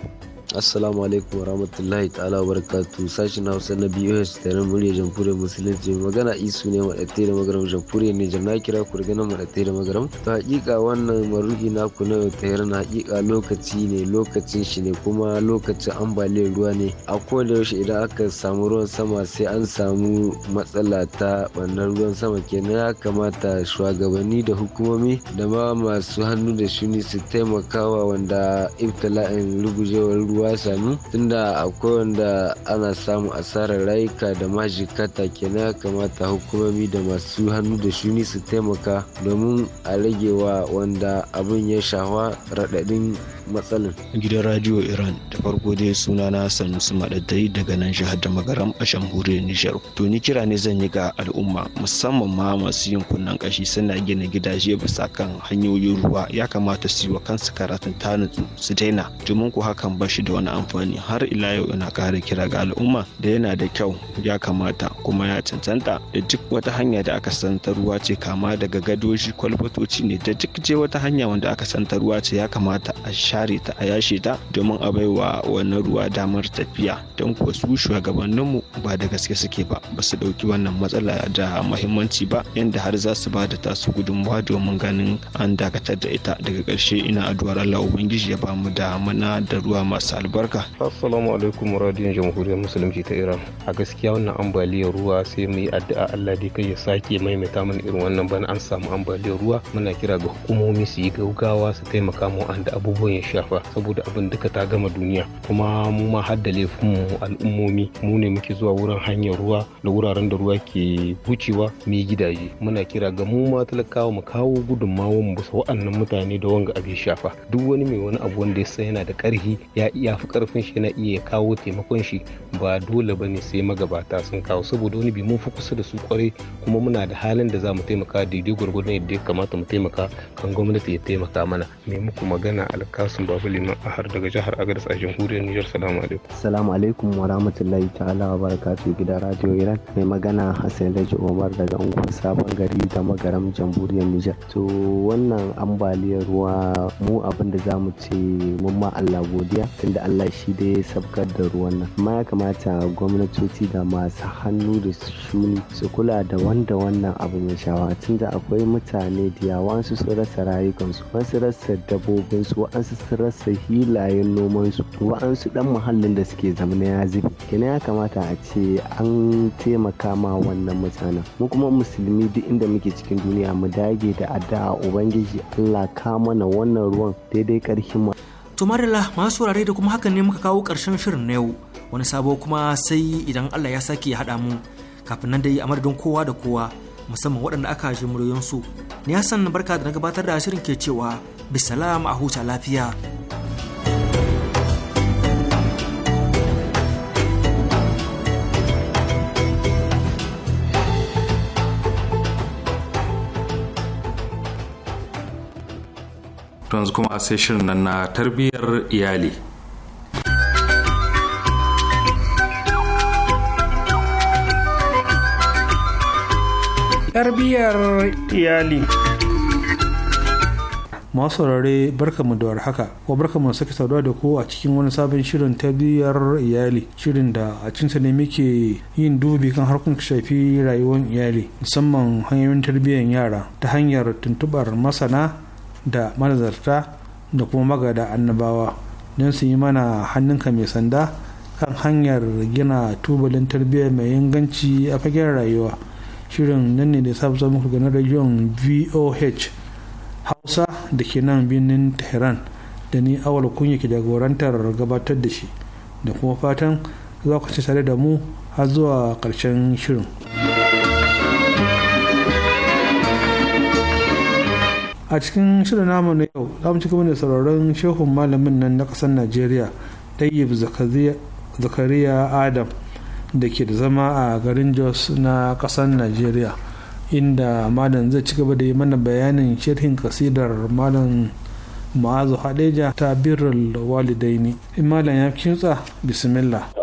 assalamu alaikum warahmatullahi ta'ala barakatu sashen hausa na bos da nan murya jamhuriyar musulunci magana isu ne maɗatte da magaram jamhuriyar nijar na kira ku daga nan maɗatte da magaram ta haƙiƙa wannan maruhi naku na yau ta yarna hakika lokaci ne lokacin shi ne kuma lokacin ambaliyar ruwa ne a kowane yaushe idan aka samu ruwan sama sai an samu matsala ta wannan ruwan sama kenan ya kamata shugabanni da hukumomi da ma masu hannu da shuni su taimakawa wanda ibtila'in rugujewar ruwa ruwa sami tunda akwai wanda ana samun asarar rayuka da majikata kenan ya kamata hukumomi da masu hannu da shuni su taimaka domin a rage wa wanda abin ya shafa raɗaɗin matsalin. Gidan Radio Iran da farko dai suna na su Madaddai daga nan jihar da magaram a jamhuriyar Nijar. To ni kira ne zan yi ga al'umma musamman ma masu yin kunnen kashi suna gina gidaje bisa kan hanyoyin ruwa ya kamata su yi wa kansu karatun tanatu su daina domin ku hakan ba shi da wani amfani har ila yau yana ƙara kira ga al'umma da yana da kyau ya kamata kuma ya cancanta da duk wata hanya da aka san ta ruwa ce kama daga gadoji kwalbatoci ne da duk je wata hanya wanda aka san ta ruwa ce ya kamata a share ta a yashe ta domin a baiwa wannan ruwa damar tafiya don kuwa su shugabanninmu ba da gaske suke ba ba su ɗauki wannan matsala da muhimmanci ba yadda har za su ba da tasu gudunmawa domin ganin an dakatar da ita daga ƙarshe ina addu'ar Allah Ubangiji ya bamu da mana da ruwa masu albarka assalamu alaikum radiyon jamhuriyar musulunci ta iran a gaskiya wannan ambaliyar ruwa sai mu yi addu'a allah da kai ya sake maimaita mana irin wannan bana an samu ambaliyar ruwa muna kira ga hukumomi su yi gaugawa su taimaka mu an da abubuwan ya shafa saboda abin duka ta gama duniya kuma mu ma hadda laifin mu al'ummomi mu ne muke zuwa wurin hanyar ruwa da wuraren da ruwa ke wucewa mu yi gidaje muna kira ga mu ma talakawa mu kawo gudunmawa mu bisa wa'annan mutane da wanga abin shafa duk wani mai wani abu wanda ya yana da ƙarfi ya iya fi karfin shi na iya kawo taimakon shi ba dole ba ne sai magabata sun kawo saboda wani bi mun fi kusa da su kwarai kuma muna da halin da za mu taimaka daidai gwargwadon yadda ya kamata mu taimaka kan gwamnati ya taimaka mana mai muku magana alkasun babu liman ahar daga jihar agadas a jamhuriyar niger salamu alaikum salamu alaikum wa rahmatullahi ta'ala wa barakatuh gidan radio iran mai magana hassan laji omar daga unguwar sabon gari da magaram jamhuriyar nijar to wannan ambaliyar ruwa mu abin da za mu ce mun ma allah godiya tun da Allah shi da ya sabkar da ruwan nan amma ya kamata gwamnatoci da masu hannu da shuni su kula da wanda wannan abin ya shawa tunda akwai mutane da yawa su sun rasa rayukansu wasu rasa dabobinsu wa'ansu sun rasa hilayen nomansu wa'ansu dan muhallin da suke zama ya zube kenan ya kamata a ce an taimaka ma wannan mutanen mu kuma musulmi duk inda muke cikin duniya mu dage da addu'a ubangiji Allah ka mana wannan ruwan daidai karshen mu To marilla masu wurare da kuma hakan ne muka kawo ƙarshen shirin na yau wani sabo kuma sai idan Allah ya sake ya haɗa mu kafin nan dai a madadin kowa da kowa musamman waɗanda aka ji muryoyinsu. Ni Hassan barka da na gabatar da shirin ke cewa bisalam a huta lafiya. to yanzu kuma sai shirin nan na tarbiyyar iyali tarbiyyar iyali masu saurare barkamu da warhaka ko barka mu sake saduwa da ku a cikin wani sabon shirin tarbiyyar iyali shirin da a cinsa ne muke yin dubi kan harkun shafi rayuwar iyali musamman hanyoyin tarbiyyar yara ta hanyar tuntubar masana da manazarta da kuma magada annabawa don su yi mana hannunka mai sanda kan hanyar gina tubalin tarbiyyar mai inganci a fagen rayuwa shirin nan ne da sabu muku ganin rajiyon voh hausa da ke nan birnin tehran da ni awal kunya ke jagorantar gabatar da shi da kuma fatan za ku ci tare da mu har zuwa karshen shirin. a cikin shirin namu na yau za mu ci da sauraron shehun malamin nan na ƙasar najeriya ɗayyib zakariya adam da ke da zama a garin jos na ƙasar najeriya inda malam zai ci gaba da yi mana bayanin shirhin kasidar malam ma'azu hadeja ta birrul walidaini malam ya kintsa bismillah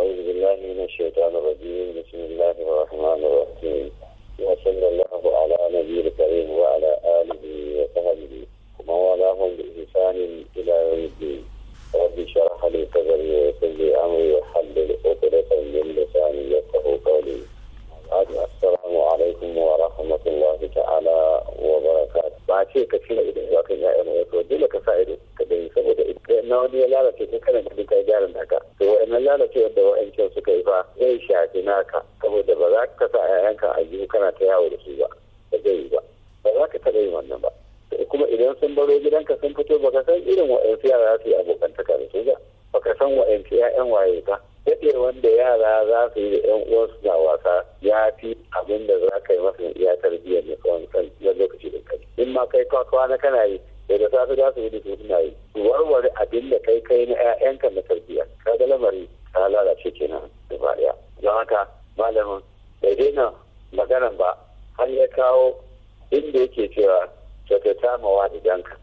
kyautata mace walidanka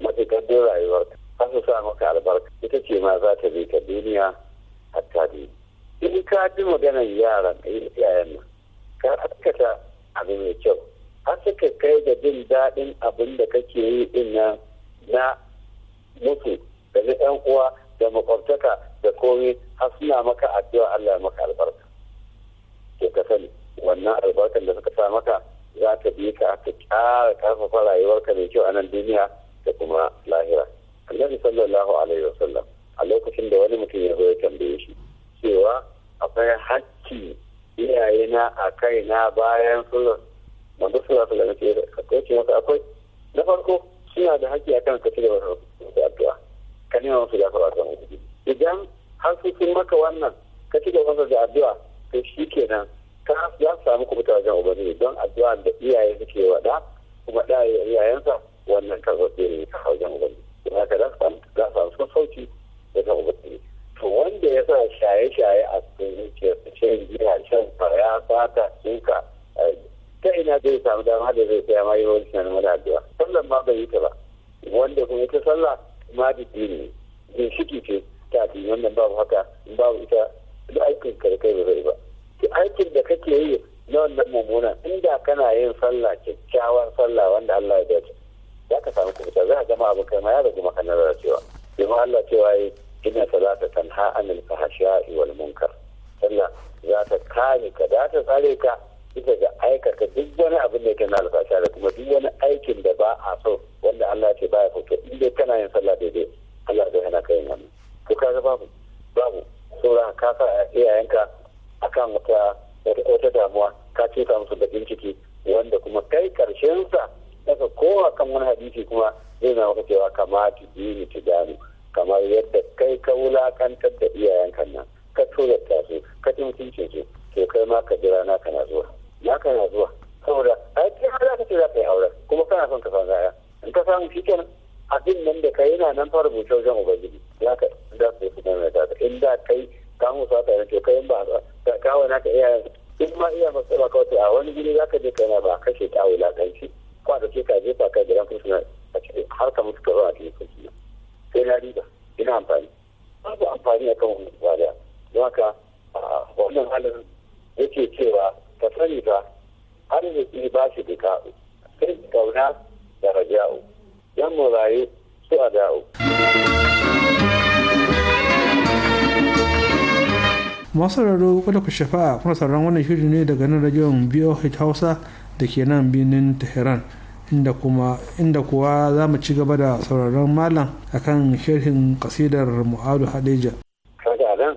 matuƙar duk rayuwarka har su sa maka albarka ita ce ma za ta bi ka duniya hatta bi in ka ji maganar yaran eh, iyayen nan ka askata abu mai kyau har ka kai ga jin daɗin abin da kake yi din nan na mutu da na ɗan uwa da makwabtaka da komai har suna maka addu'a Allah maka albarka to ka sani wannan albarkar da suka sa maka za ta bi ka ta ƙara ƙarfafa rayuwarka mai kyau a nan duniya da kuma lahira annabi sallallahu alaihi wasallam a lokacin da wani mutum ya zo ya tambaye shi cewa akwai hakki na a kai na bayan sulhu wanda suna da lalace da kake masa akwai na farko suna da haƙƙi akan ka cire wasu rubutu addu'a ka nema musu gafara ta mu idan har su sun maka wannan ka cigaba da addu'a to kenan ta ya su samu kubuta wajen ubani don addu'a da iyaye suke wa da kuma da iyayensa wannan karɓaɓɓe ne ta wajen ubani don haka za su samu sun sauki wajen ubani to wanda ya sa shaye-shaye a cikin zuciyarsa shan giya shan fara fata cinka ta ina zai samu dama da zai tsaya ma yi wani na wani addu'a sallan ma bai yi ta ba wanda kuma ita sallah ma da dini ne shiki ce ta biyu wannan babu haka babu ita da aikin karkai ba zai ba aikin da kake yi na wannan mummuna inda kana yin sallah kyakkyawan sallah wanda Allah ya dace za ka samu kubuta za ka zama abu kai ma ya a maka na cewa domin Allah cewa yi inna salata tanha anil fahsha'i wal munkar sallah za ta kare ka za ta tsare ka bisa ga aikata duk wani abin da yake na alfasha da kuma duk wani aikin da ba a so wanda Allah ya ce ba baya fito in dai kana yin sallah daidai Allah zai hana ka yin wannan to kaga babu babu saboda ka iyayenka kan wata wata damuwa ka ce ka musu da ciki wanda kuma kai karshen sa daga kowa kan wani hadisi kuma zai na maka cewa kama ta ni ta gane kamar yadda kai ka wulakantar da kan nan ka tozarta su ka ci mutuncin su to kai ma ka jira na kana zuwa na kana zuwa saboda a yi har za ka ce za ka yi aure kuma kana son ka san zaya in ka samu shi kenan abin nan da kai yana nan fara rubuce wajen ubangiji za ka da su su nan da in da kai ka musu haka yanzu kai in ba ka kawo naka iya duk ma iya masu ba wata a wani gini za ka je na ba kake ta wulaƙanci kwa da ke ka je ka gidan kusurwa a cikin har ka mutu ka zo a cikin kusurwa sai na riba ina amfani babu amfani a kan wani tsariya don haka wannan halin yake cewa ka sani ba har da ke ba shi da sai kauna da raja'u yan yi su a dawo. masu raro kada ku shafa sauran wannan shirin ne daga nan rajon boh hausa da ke nan birnin tehran inda kuma inda kuwa za mu ci gaba da sauraron malam akan sharhin kasidar mu'adu hadeja kada nan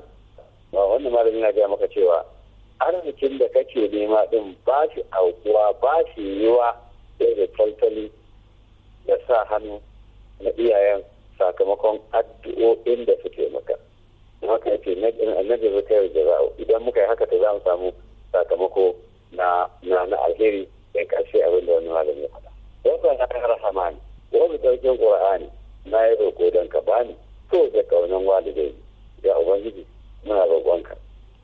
ba wannan malamin na gaya maka cewa arzikin da kake nema din ba shi aukuwa ba shi yiwa sai da tattali da sa hannu na iyayen sakamakon addu'o'in da suke maka haka yake annabi zai kai da za'o idan muka yi haka ta za mu samu sakamako na na alheri da karshe abin da wani malami ya faɗa wasu na kan rahamani wani ɗaukin ƙur'ani na yi roƙo don ka bani so da kaunan walidai ya ubangiji muna roƙonka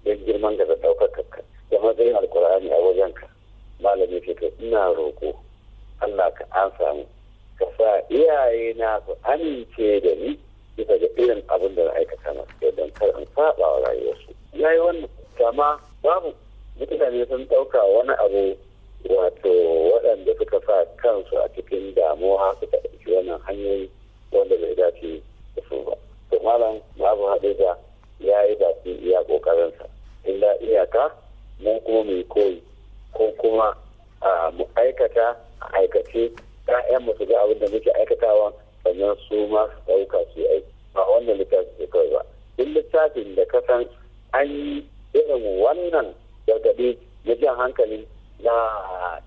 don girman ka da ɗaukar ka da matsayin alkur'ani a wajenka malami ce ka ina roƙo Allah ka an samu ka sa iyaye na su amince da ni bisa ga irin abin da na aikata masu don kar in saba wa rayuwarsu ya yi wannan kama babu mutane sun ɗauka wani abu wato waɗanda suka sa kansu a cikin damuwa suka ɗauki wannan hanyoyi wanda bai dace da su ba to malam babu da. ya yi baki iya ƙoƙarinsa da iyaka mun kuma mai koyi ko kuma mu aikata a aikace 'ya'yan su ga abin da muke aikatawa sannan su ma su ɗauka su yi ba wannan littafi ne kawai ba duk littafin da ka san an yi irin wannan gargaɗi na jan hankali na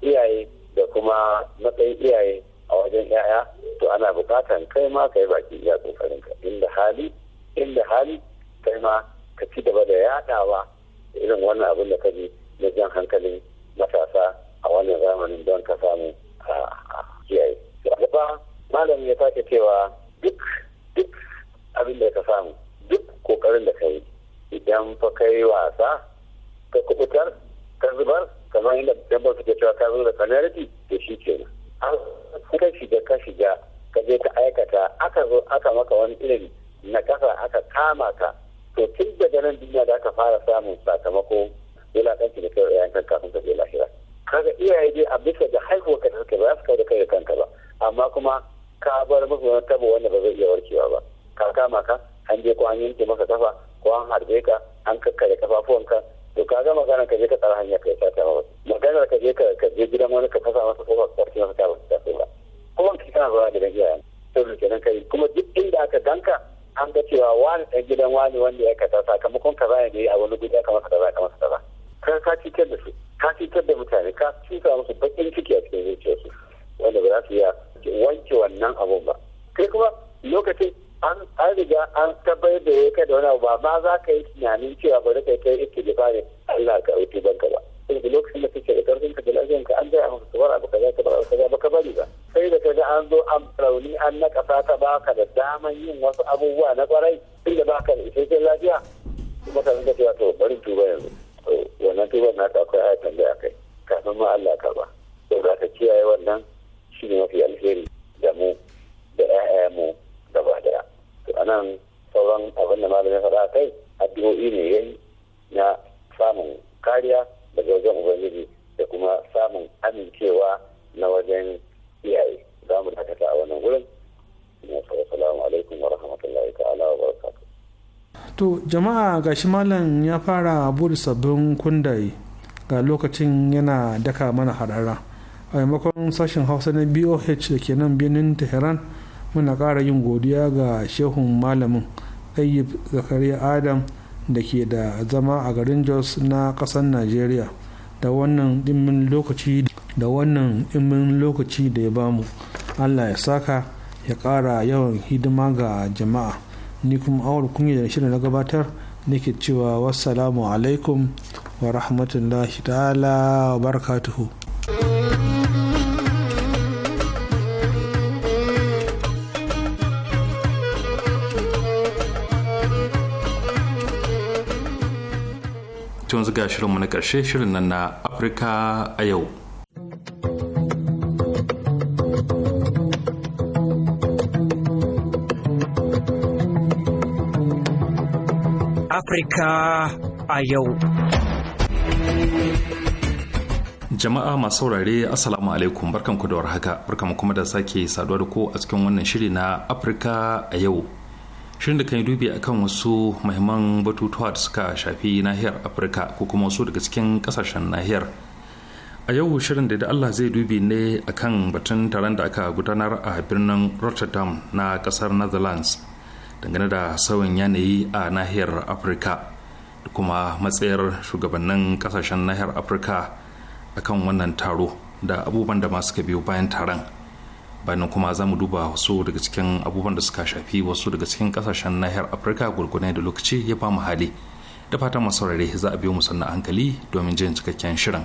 iyaye da kuma matsayin iyaye a wajen 'ya'ya to ana buƙatan kai ma ka yi baki iya ƙoƙarin ka inda hali inda hali kai ma ka ci gaba da yaɗawa irin wannan abin da ka ji na jan hankalin matasa a wannan zamanin don ka samu a ah, iyaye. malam ya sake cewa duk duk abin da ka samu duk kokarin da ka yi idan fa ka yi wasa ka kubutar ka zubar kamar yadda dabbar suke cewa ka zuba penalty da shi kenan an ka shiga ka shiga ka je ka aikata aka zo aka maka wani irin na kasa aka kama ka to tun daga nan duniya da aka fara samun sakamako ɗanki da kai yayin kafin ka je lahira kaga iyaye dai a bisa da haihuwa ka da suka ba su kai da kai da kanka ba amma kuma ka bar musu wani taba wanda ba zai iya warkewa ba ka kama ka an je ko an yanke maka kafa ko an harbe ka an kakkare kafafuwanka to ka ga magana ka je ka tsara hanya ka ya sata ba maganar ka je ka je gidan wani ka fasa masa kofa ka sarki masa ta ba ta ba kuma ki kana zuwa gidan iyayen to ne kenan kai kuma duk inda aka danka an ga cewa wani ɗan gidan wani wanda ya kaza sakamakon zaya ne a wani guri ka masa kaza ka masa kaza ka ka cutar da su ka cutar da mutane ka cika musu bakin ciki a cikin zuciyarsu wanda ba za su iya wanke wannan abu ba kai kuma lokacin an riga an tabbatar da ya kai da wani abu ba ma za ka yi tunanin cewa bari kai kai ita da fare Allah ka rufe banka ba saboda lokacin da kake da karfin ka da lafiyan ka an gaya maka kabar abu kaza kabar abu kaza ka bari ba sai da kaga an zo an rauni an ka ba ka da daman yin wasu abubuwa na kwarai inda ka da isasshen lafiya kuma ka rinka cewa to bari tuba yanzu wannan tuban na ta akwai ayatan da akai kafin ma Allah ka ba za ka kiyaye wannan shi ne mafi alheri da mu da 'ya'yanmu gaba daya to anan sauran abin da malamin faɗa kai addu'o'i ne yayi na samun kariya daga wajen ubangiji da kuma samun amincewa na wajen iyaye za mu dakata a wannan wurin assalamu alaikum wa rahmatullahi ta'ala wa to jama'a gashi malam ya fara bude sabbin kundaye ga lokacin yana daka mana harara a maimakon sashen hausa na boh da ke nan birnin tehran muna ƙara yin godiya ga shehun malamin ayyub zakariya adam da ke da zama a garin jos na ƙasar najeriya da wannan dimmin lokaci da wannan ɗimin lokaci da ya bamu allah ya saka ya ƙara yawan hidima ga jama'a ni kuma awar kunya da shirin na gabatar nake cewa wassalamu alaikum wa rahmatullahi ta'ala wa barakatuhu tun ga shirinmu na ƙarshe shirin nan na Afirka a yau. Afirka a yau. Jama'a masu saurare Assalamu alaikum barkanku da warhaka barkanku kuma da sake saduwa da ku a cikin wannan shiri na Afirka a yau. shirin da kan yi dubi akan wasu mahimman batutuwa da suka shafi nahiyar afirka ko kuma wasu daga cikin kasashen nahiyar a yau shirin da Allah zai dubi ne akan batun taron da aka gudanar a birnin rotterdam na kasar netherlands dangane da sauyin yanayi a nahiyar afirka da kuma matsayar shugabannin kasashen nahiyar afirka akan wannan taro da abubuwan da masu biyo bayan taron bayanan kuma za mu duba wasu daga cikin abubuwan da suka shafi wasu daga cikin kasashen nahiyar afirka gurgunai da lokaci ya ba mu hali da fatan masu za a biyo mu sannan hankali domin jin cikakken shirin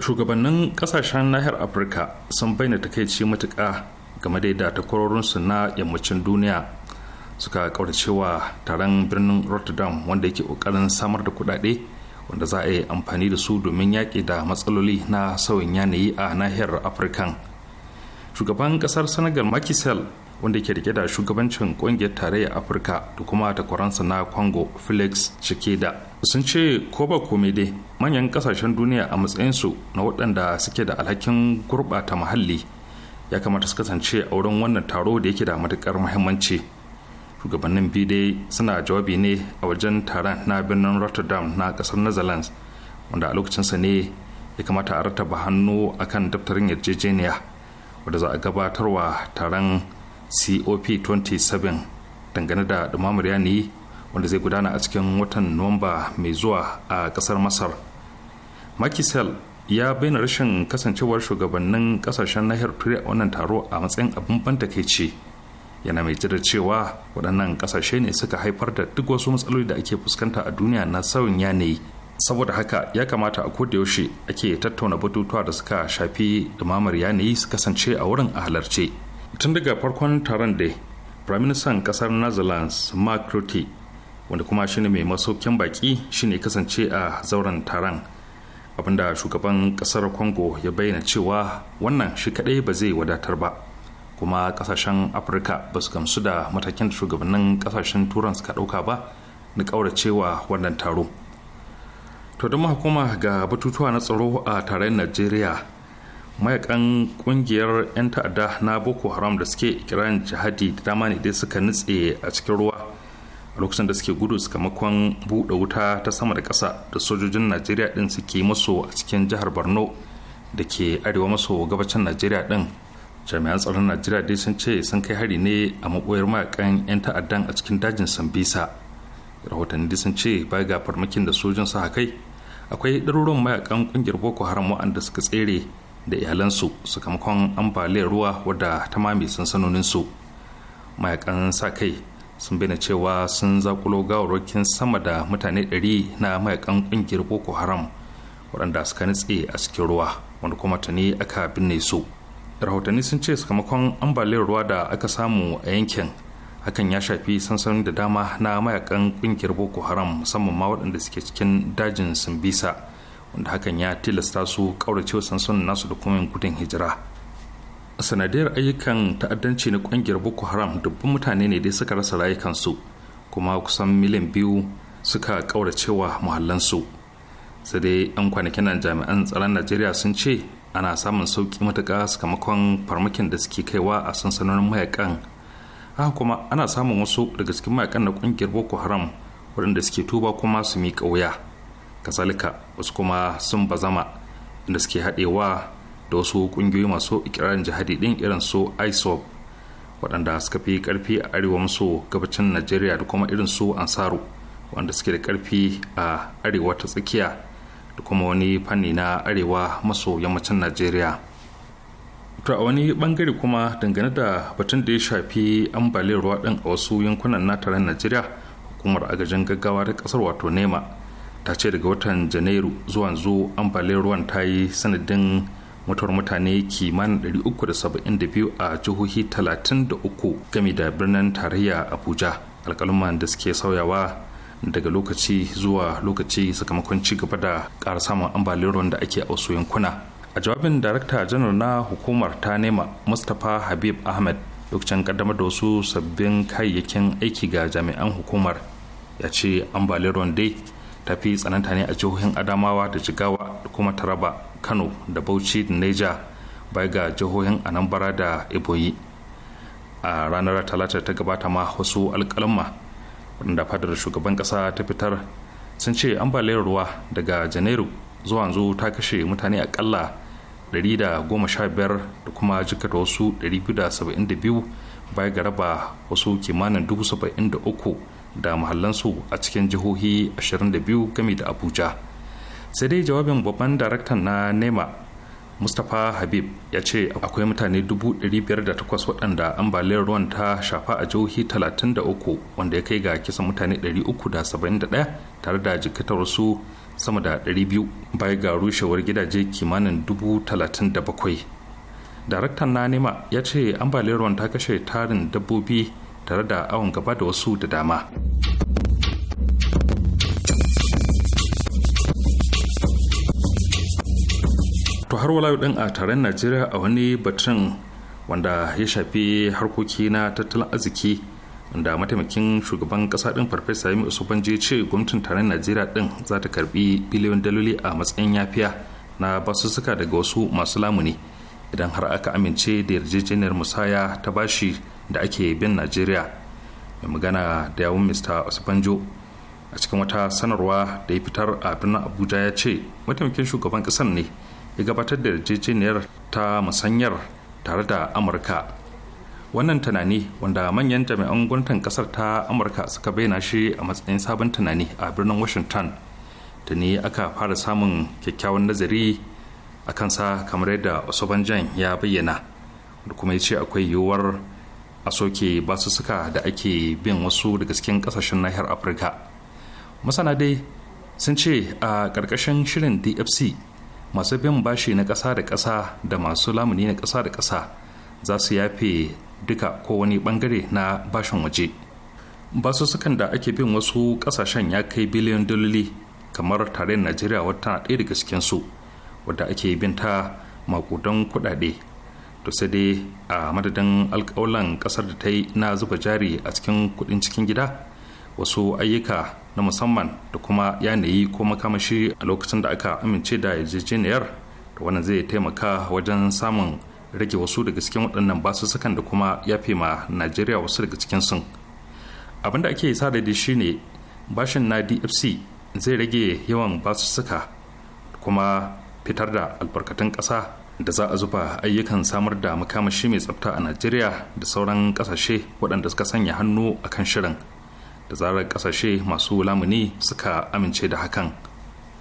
shugabannin kasashen nahiyar afirka sun bayyana takaici matuƙa game da yadda takwarorinsu na yammacin duniya suka kauracewa taron birnin rotterdam wanda yake ƙoƙarin samar da kuɗaɗe wanda za a yi amfani da su domin yaƙi da matsaloli na sauyin yanayi a nahiyar afirkan shugaban ƙasar senegal makisel wanda ke rike da shugabancin ƙungiyar tarayyar afirka da kuma takwaransa na congo felix da sun ce ko ba kome dai manyan ƙasashen duniya a matsayinsu na waɗanda suke da alhakin gurɓata muhalli ya kamata su kasance a wurin wannan taro da yake da matuƙar muhimmanci shugabannin biyu dai suna jawabi ne a wajen taron na birnin rotterdam na kasar netherlands wanda a lokacinsa ne ya kamata a rataba hannu akan daftarin yarjejeniya wadda za a gabatarwa taron cop 27 dangane da dumamar yanayi wanda zai gudana a cikin watan nuwamba mai zuwa a kasar masar makisel ya bayyana rashin kasancewar shugabannin kasashen nahiyar turai a wannan taro a matsayin abin ban takaici yana mai jira cewa waɗannan ƙasashe ne suka haifar da duk wasu matsaloli da ake fuskanta a duniya na sauyin yanayi saboda haka ya kamata a koda yaushe ake tattauna batutuwa da suka shafi ɗumamar yanayi su kasance a wurin a halarce tun daga farkon taron da firaministan ƙasar netherlands mark rutte wanda kuma shine mai masaukin baki shine kasance a zauren taron abinda shugaban ƙasar congo ya bayyana cewa wannan shi kaɗai ba zai wadatar ba kuma kasashen afirka ba su gamsu da matakin da shugabannin kasashen turan suka dauka ba na kauracewa wannan taro to don hukuma ga batutuwa na tsaro a tarayyar najeriya mayakan kungiyar 'yan ta'adda na boko haram da suke kiran jihadi da dama ne dai suka nutse a cikin ruwa a lokacin da suke gudu sakamakon buɗe wuta ta sama da ƙasa da sojojin najeriya ɗin suke maso a cikin jihar borno da ke arewa maso gabacin najeriya ɗin jami'an tsaron najeriya dai sun ce sun kai hari ne a makoyar mayakan 'yan ta'addan a cikin dajin sambisa rahotanni dai sun ce bai ga farmakin da sojin sa kai akwai ɗaruruwan mayakan kungiyar boko haram waɗanda suka tsere da iyalansu sakamakon ambaliyar ruwa wadda ta mame sansanonin su mayakan sa kai sun bayyana cewa sun zakulo gawarwakin sama da mutane 100 na mayakan kungiyar boko haram waɗanda suka nutse a cikin ruwa wanda kuma ta ne aka binne su rahotanni sun ce sakamakon ambaliyar ruwa da aka samu a yankin hakan ya shafi sansanin da dama na mayakan kungiyar boko haram musamman ma waɗanda suke cikin dajin simbisa wanda hakan ya tilasta su kauracewa sansanin nasu da kuma gudun hijira sanadiyar ayyukan ta'addanci na kungiyar boko haram dubban mutane ne dai suka rasa rayukansu kuma kusan miliyan biyu suka kauracewa muhallansu sai dai 'yan kwanakin nan jami'an tsaron najeriya sun ce ana samun sauki matuƙa sakamakon farmakin da suke kaiwa a sansanonin mayakan haka kuma ana samun wasu daga cikin mayakan na ƙungiyar boko haram waɗanda suke tuba kuma su miƙa wuya kasalika wasu kuma sun bazama inda suke haɗewa da wasu ƙungiyoyi masu ikirarin jihadi ɗin irin su isop waɗanda suka fi ƙarfi a arewa maso gabacin najeriya da kuma irin su ansaru wanda suke da ƙarfi a arewa ta tsakiya da kuma wani fanni na arewa maso yammacin najeriya to a wani bangare kuma dangane da batun da ya shafi ambaliyar ruwa din a wasu yankunan na taron najeriya hukumar agajin gaggawa ta kasar wato nema ta ce daga watan janairu zuwa zo ambaliyar ruwan ta yi sanadin mutuwar mutane kimanin 372 a jihohi 33 gami da birnin tarayya abuja alkaluman da suke sauyawa daga lokaci zuwa lokaci sakamakon ci gaba da ƙara samun ambaliyar ruwan da ake a wasu yankuna a jawabin darakta janar na hukumar ta nema mustapha habib ahmed lokacin kaddamar da wasu sabbin kayayyakin aiki ga jami'an hukumar ya ce ambaliyar ruwan dai ta fi tsananta ne a jihohin adamawa da jigawa da kuma taraba kano da bauchi da neja bai ga jihohin anambra da iboyi a ranar talata ta gabata ma wasu alƙalamma wadanda fadar shugaban kasa ta fitar sun ce ambaliyar ruwa daga janairu zuwa yanzu ta kashe mutane akalla 115 da kuma jikata wasu 272 baya ga raba wasu kimanin 73 da mahallansu a cikin jihohi 22 game da abuja sai dai jawabin babban daraktan na nema mustapha habib ya ce akwai mutane 508 waɗanda ambaliyar ruwan ta shafa a jihohi 33 wanda ya kai ga kisan mutane 371 tare da su sama da 200 baya ga rushewar gidaje kimanin 37,000 daraktan na nema ya ce ambaliyar ruwan ta kashe tarin dabbobi tare da awon gaba da wasu da dama to har wala din a taron najeriya a wani batun wanda ya shafi harkoki na tattalin arziki da mataimakin shugaban kasa din farfesa yami usubanji ce gwamnatin taron najeriya din za ta karbi biliyon daloli a matsayin yafiya na basussuka daga wasu masu lamuni idan har aka amince da yarjejeniyar musaya ta bashi da ake bin najeriya mai magana da yawun mr usubanjo a cikin wata sanarwa da ya fitar a birnin abuja ya ce mataimakin shugaban kasar ne ya gabatar da yarjejeniyar ta musanyar tare da amurka wannan tunani wanda manyan jami'an gwamnatin kasar ta amurka suka bayyana shi a matsayin sabon tunani a birnin washington tuni aka fara samun kyakkyawan nazari a kansa kamar yadda osobanjan ya bayyana da kuma ya ce akwai yiwuwar a soke basussuka da ake bin wasu daga cikin kasashen nahiyar afirka masana dai sun ce a ƙarƙashin shirin dfc masu bin bashi na ƙasa da ƙasa da masu lamuni na ƙasa da ƙasa za su yafe duka ko wani bangare na bashin waje basussukan da ake bin wasu ƙasashen ya kai biliyan dalili kamar tarayyar najeriya wata ɗaya daga cikinsu wadda ake bin ta makudan kuɗaɗe to sai dai a madadin alƙawalan ƙasar da ta yi na zuba jari a cikin kuɗin cikin gida wasu ayyuka na musamman da kuma yanayi ko makamashi a lokacin da aka amince da yarjejeniyar da wannan zai taimaka wajen samun rage wasu daga cikin waɗannan basussukan da kuma yafe ma najeriya wasu daga cikin sun abinda ake sa da shi ne bashin na dfc zai rage yawan basussuka kuma fitar da albarkatun ƙasa da za a zuba ayyukan samar da makamashi mai tsafta a najeriya da sauran ƙasashe waɗanda suka sanya hannu akan shirin da zarar kasashe masu lamuni suka amince da hakan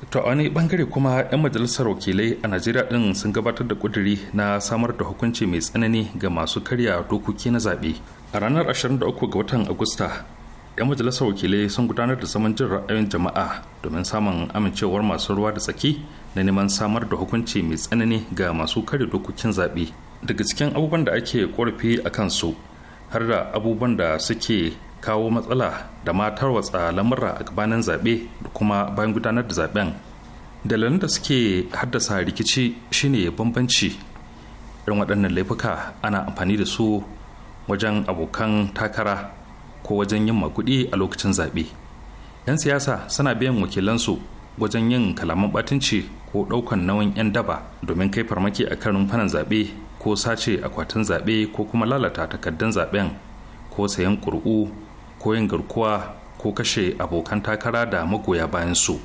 to wani bangare kuma 'yan majalisar wakilai a najeriya din sun gabatar da kuduri na samar da hukunci mai tsanani ga masu karya dokoki na zaɓe a ranar 23 ga watan agusta 'yan majalisar wakilai sun gudanar da zaman jin ra'ayin jama'a domin samun amincewar masu ruwa da tsaki na neman samar da hukunci mai tsanani ga masu karya dokokin zaɓe daga cikin abubuwan da ake korafi a kansu har da abubuwan da suke kawo matsala da matar watsa lamura a gabanin zaɓe da kuma bayan gudanar da zaɓen dalilan da suke haddasa rikici shine bambanci irin waɗannan laifuka ana amfani da su wajen abokan takara ko wajen yin makudi a lokacin zaɓe 'yan siyasa suna biyan wakilansu wajen yin kalaman ɓatanci ko ɗaukan nauyin 'yan daba domin kai farmaki a kan rumfanan zaɓe ko sace akwatin zaɓe ko kuma lalata takardun zaɓen ko sayan ƙuri'u ko garkuwa ko kashe abokan takara da magoya bayan su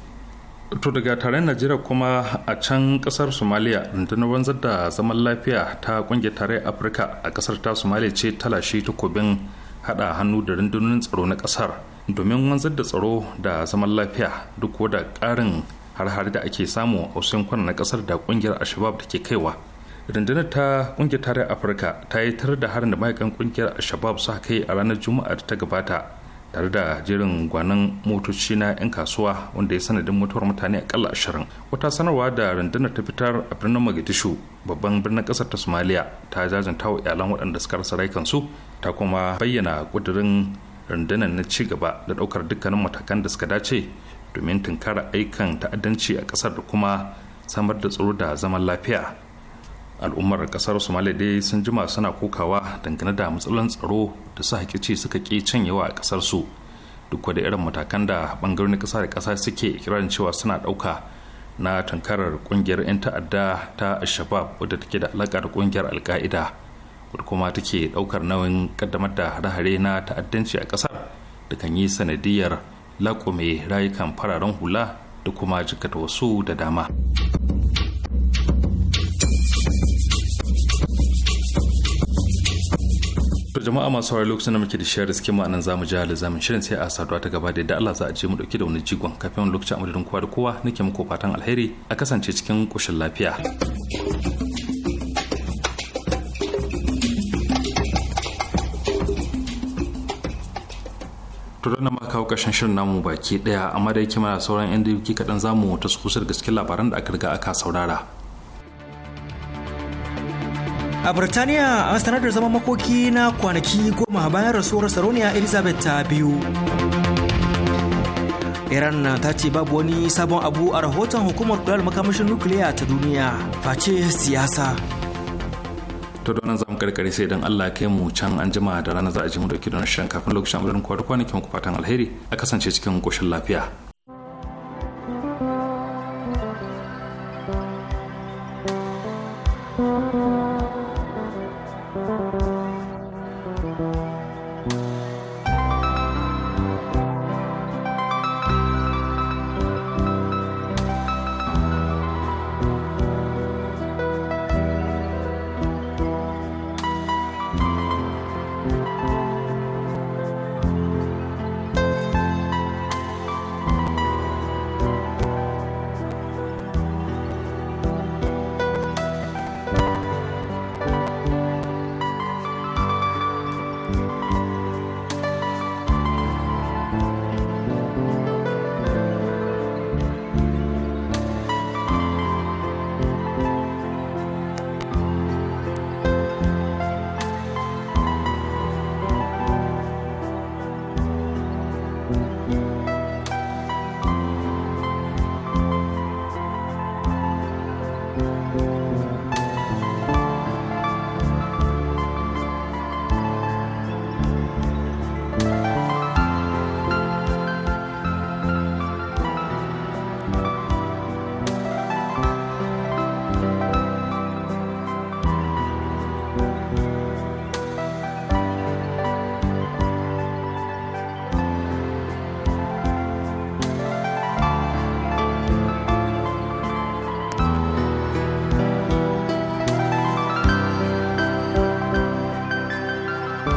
to daga tare najeriya kuma a can kasar somaliya rundunar wanzar da zaman lafiya ta kungiyar tare afirka a kasar ta somaliya ce talashe takobin hada hannu da rundunonin tsaro na kasar domin wanzar da tsaro da zaman lafiya duk da karin har-har da ake samu a wasu yankunan na kasar da kungiyar ashabab da ke kaiwa rundunar ta kungiyar tarayyar afirka ta yi tar da harin da mayakan kungiyar shabab sa kai a ranar juma'a da ta gabata tare da jerin gwanan motoci na 'yan kasuwa wanda ya sanadin mutuwar mutane akalla ashirin wata sanarwa da rundunar ta fitar a birnin magadishu babban birnin kasar ta somaliya ta jajanta wa iyalan waɗanda suka rasa raikansu ta kuma bayyana ƙudurin rundunar na ci gaba da ɗaukar dukkanin matakan da suka dace domin tunkara aikan ta'addanci a ƙasar da kuma samar da tsaro da zaman lafiya al'ummar kasar somalia dai sun jima suna kokawa dangane da matsalan tsaro da su hakici suka ƙi canyewa a kasar su duk da irin matakan da bangarorin kasa da kasa suke kirarin cewa suna ɗauka na tankarar kungiyar 'yan ta'adda ta shabab wadda take da alaƙa da kungiyar alka'ida wadda kuma take ɗaukar nauyin kaddamar da hare-hare na ta'addanci a kasar da kan yi sanadiyar laƙume rayukan fararen hula da kuma jikata wasu da dama. to jama'a masu saurari lokacin da muke da shiyar riske ma za mu ji zamu shirin sai a saduwa ta gaba da yadda Allah za a je mu dauke da wani jigon kafin wani lokacin amadadin kowa da kowa nake muku fatan alheri a kasance cikin koshin lafiya. turar na maka kawo kashin shirin namu baki ɗaya amma da yake mana sauran yan da yuki kaɗan zamu ta su da gaske labaran da aka riga aka saurara a birtaniya an sanar da zaman makoki na kwanaki goma bayan rasuwar sarauniya elizabeth ta biyu iran ta ce babu wani sabon abu a rahoton hukumar kula da makamashin nukiliya ta duniya face siyasa to don nan zamu karkare sai dan Allah kai mu can an jima da ranar za a ji mu dauki don shan kafin lokacin amurin kwanaki ku fatan alheri a kasance cikin koshin lafiya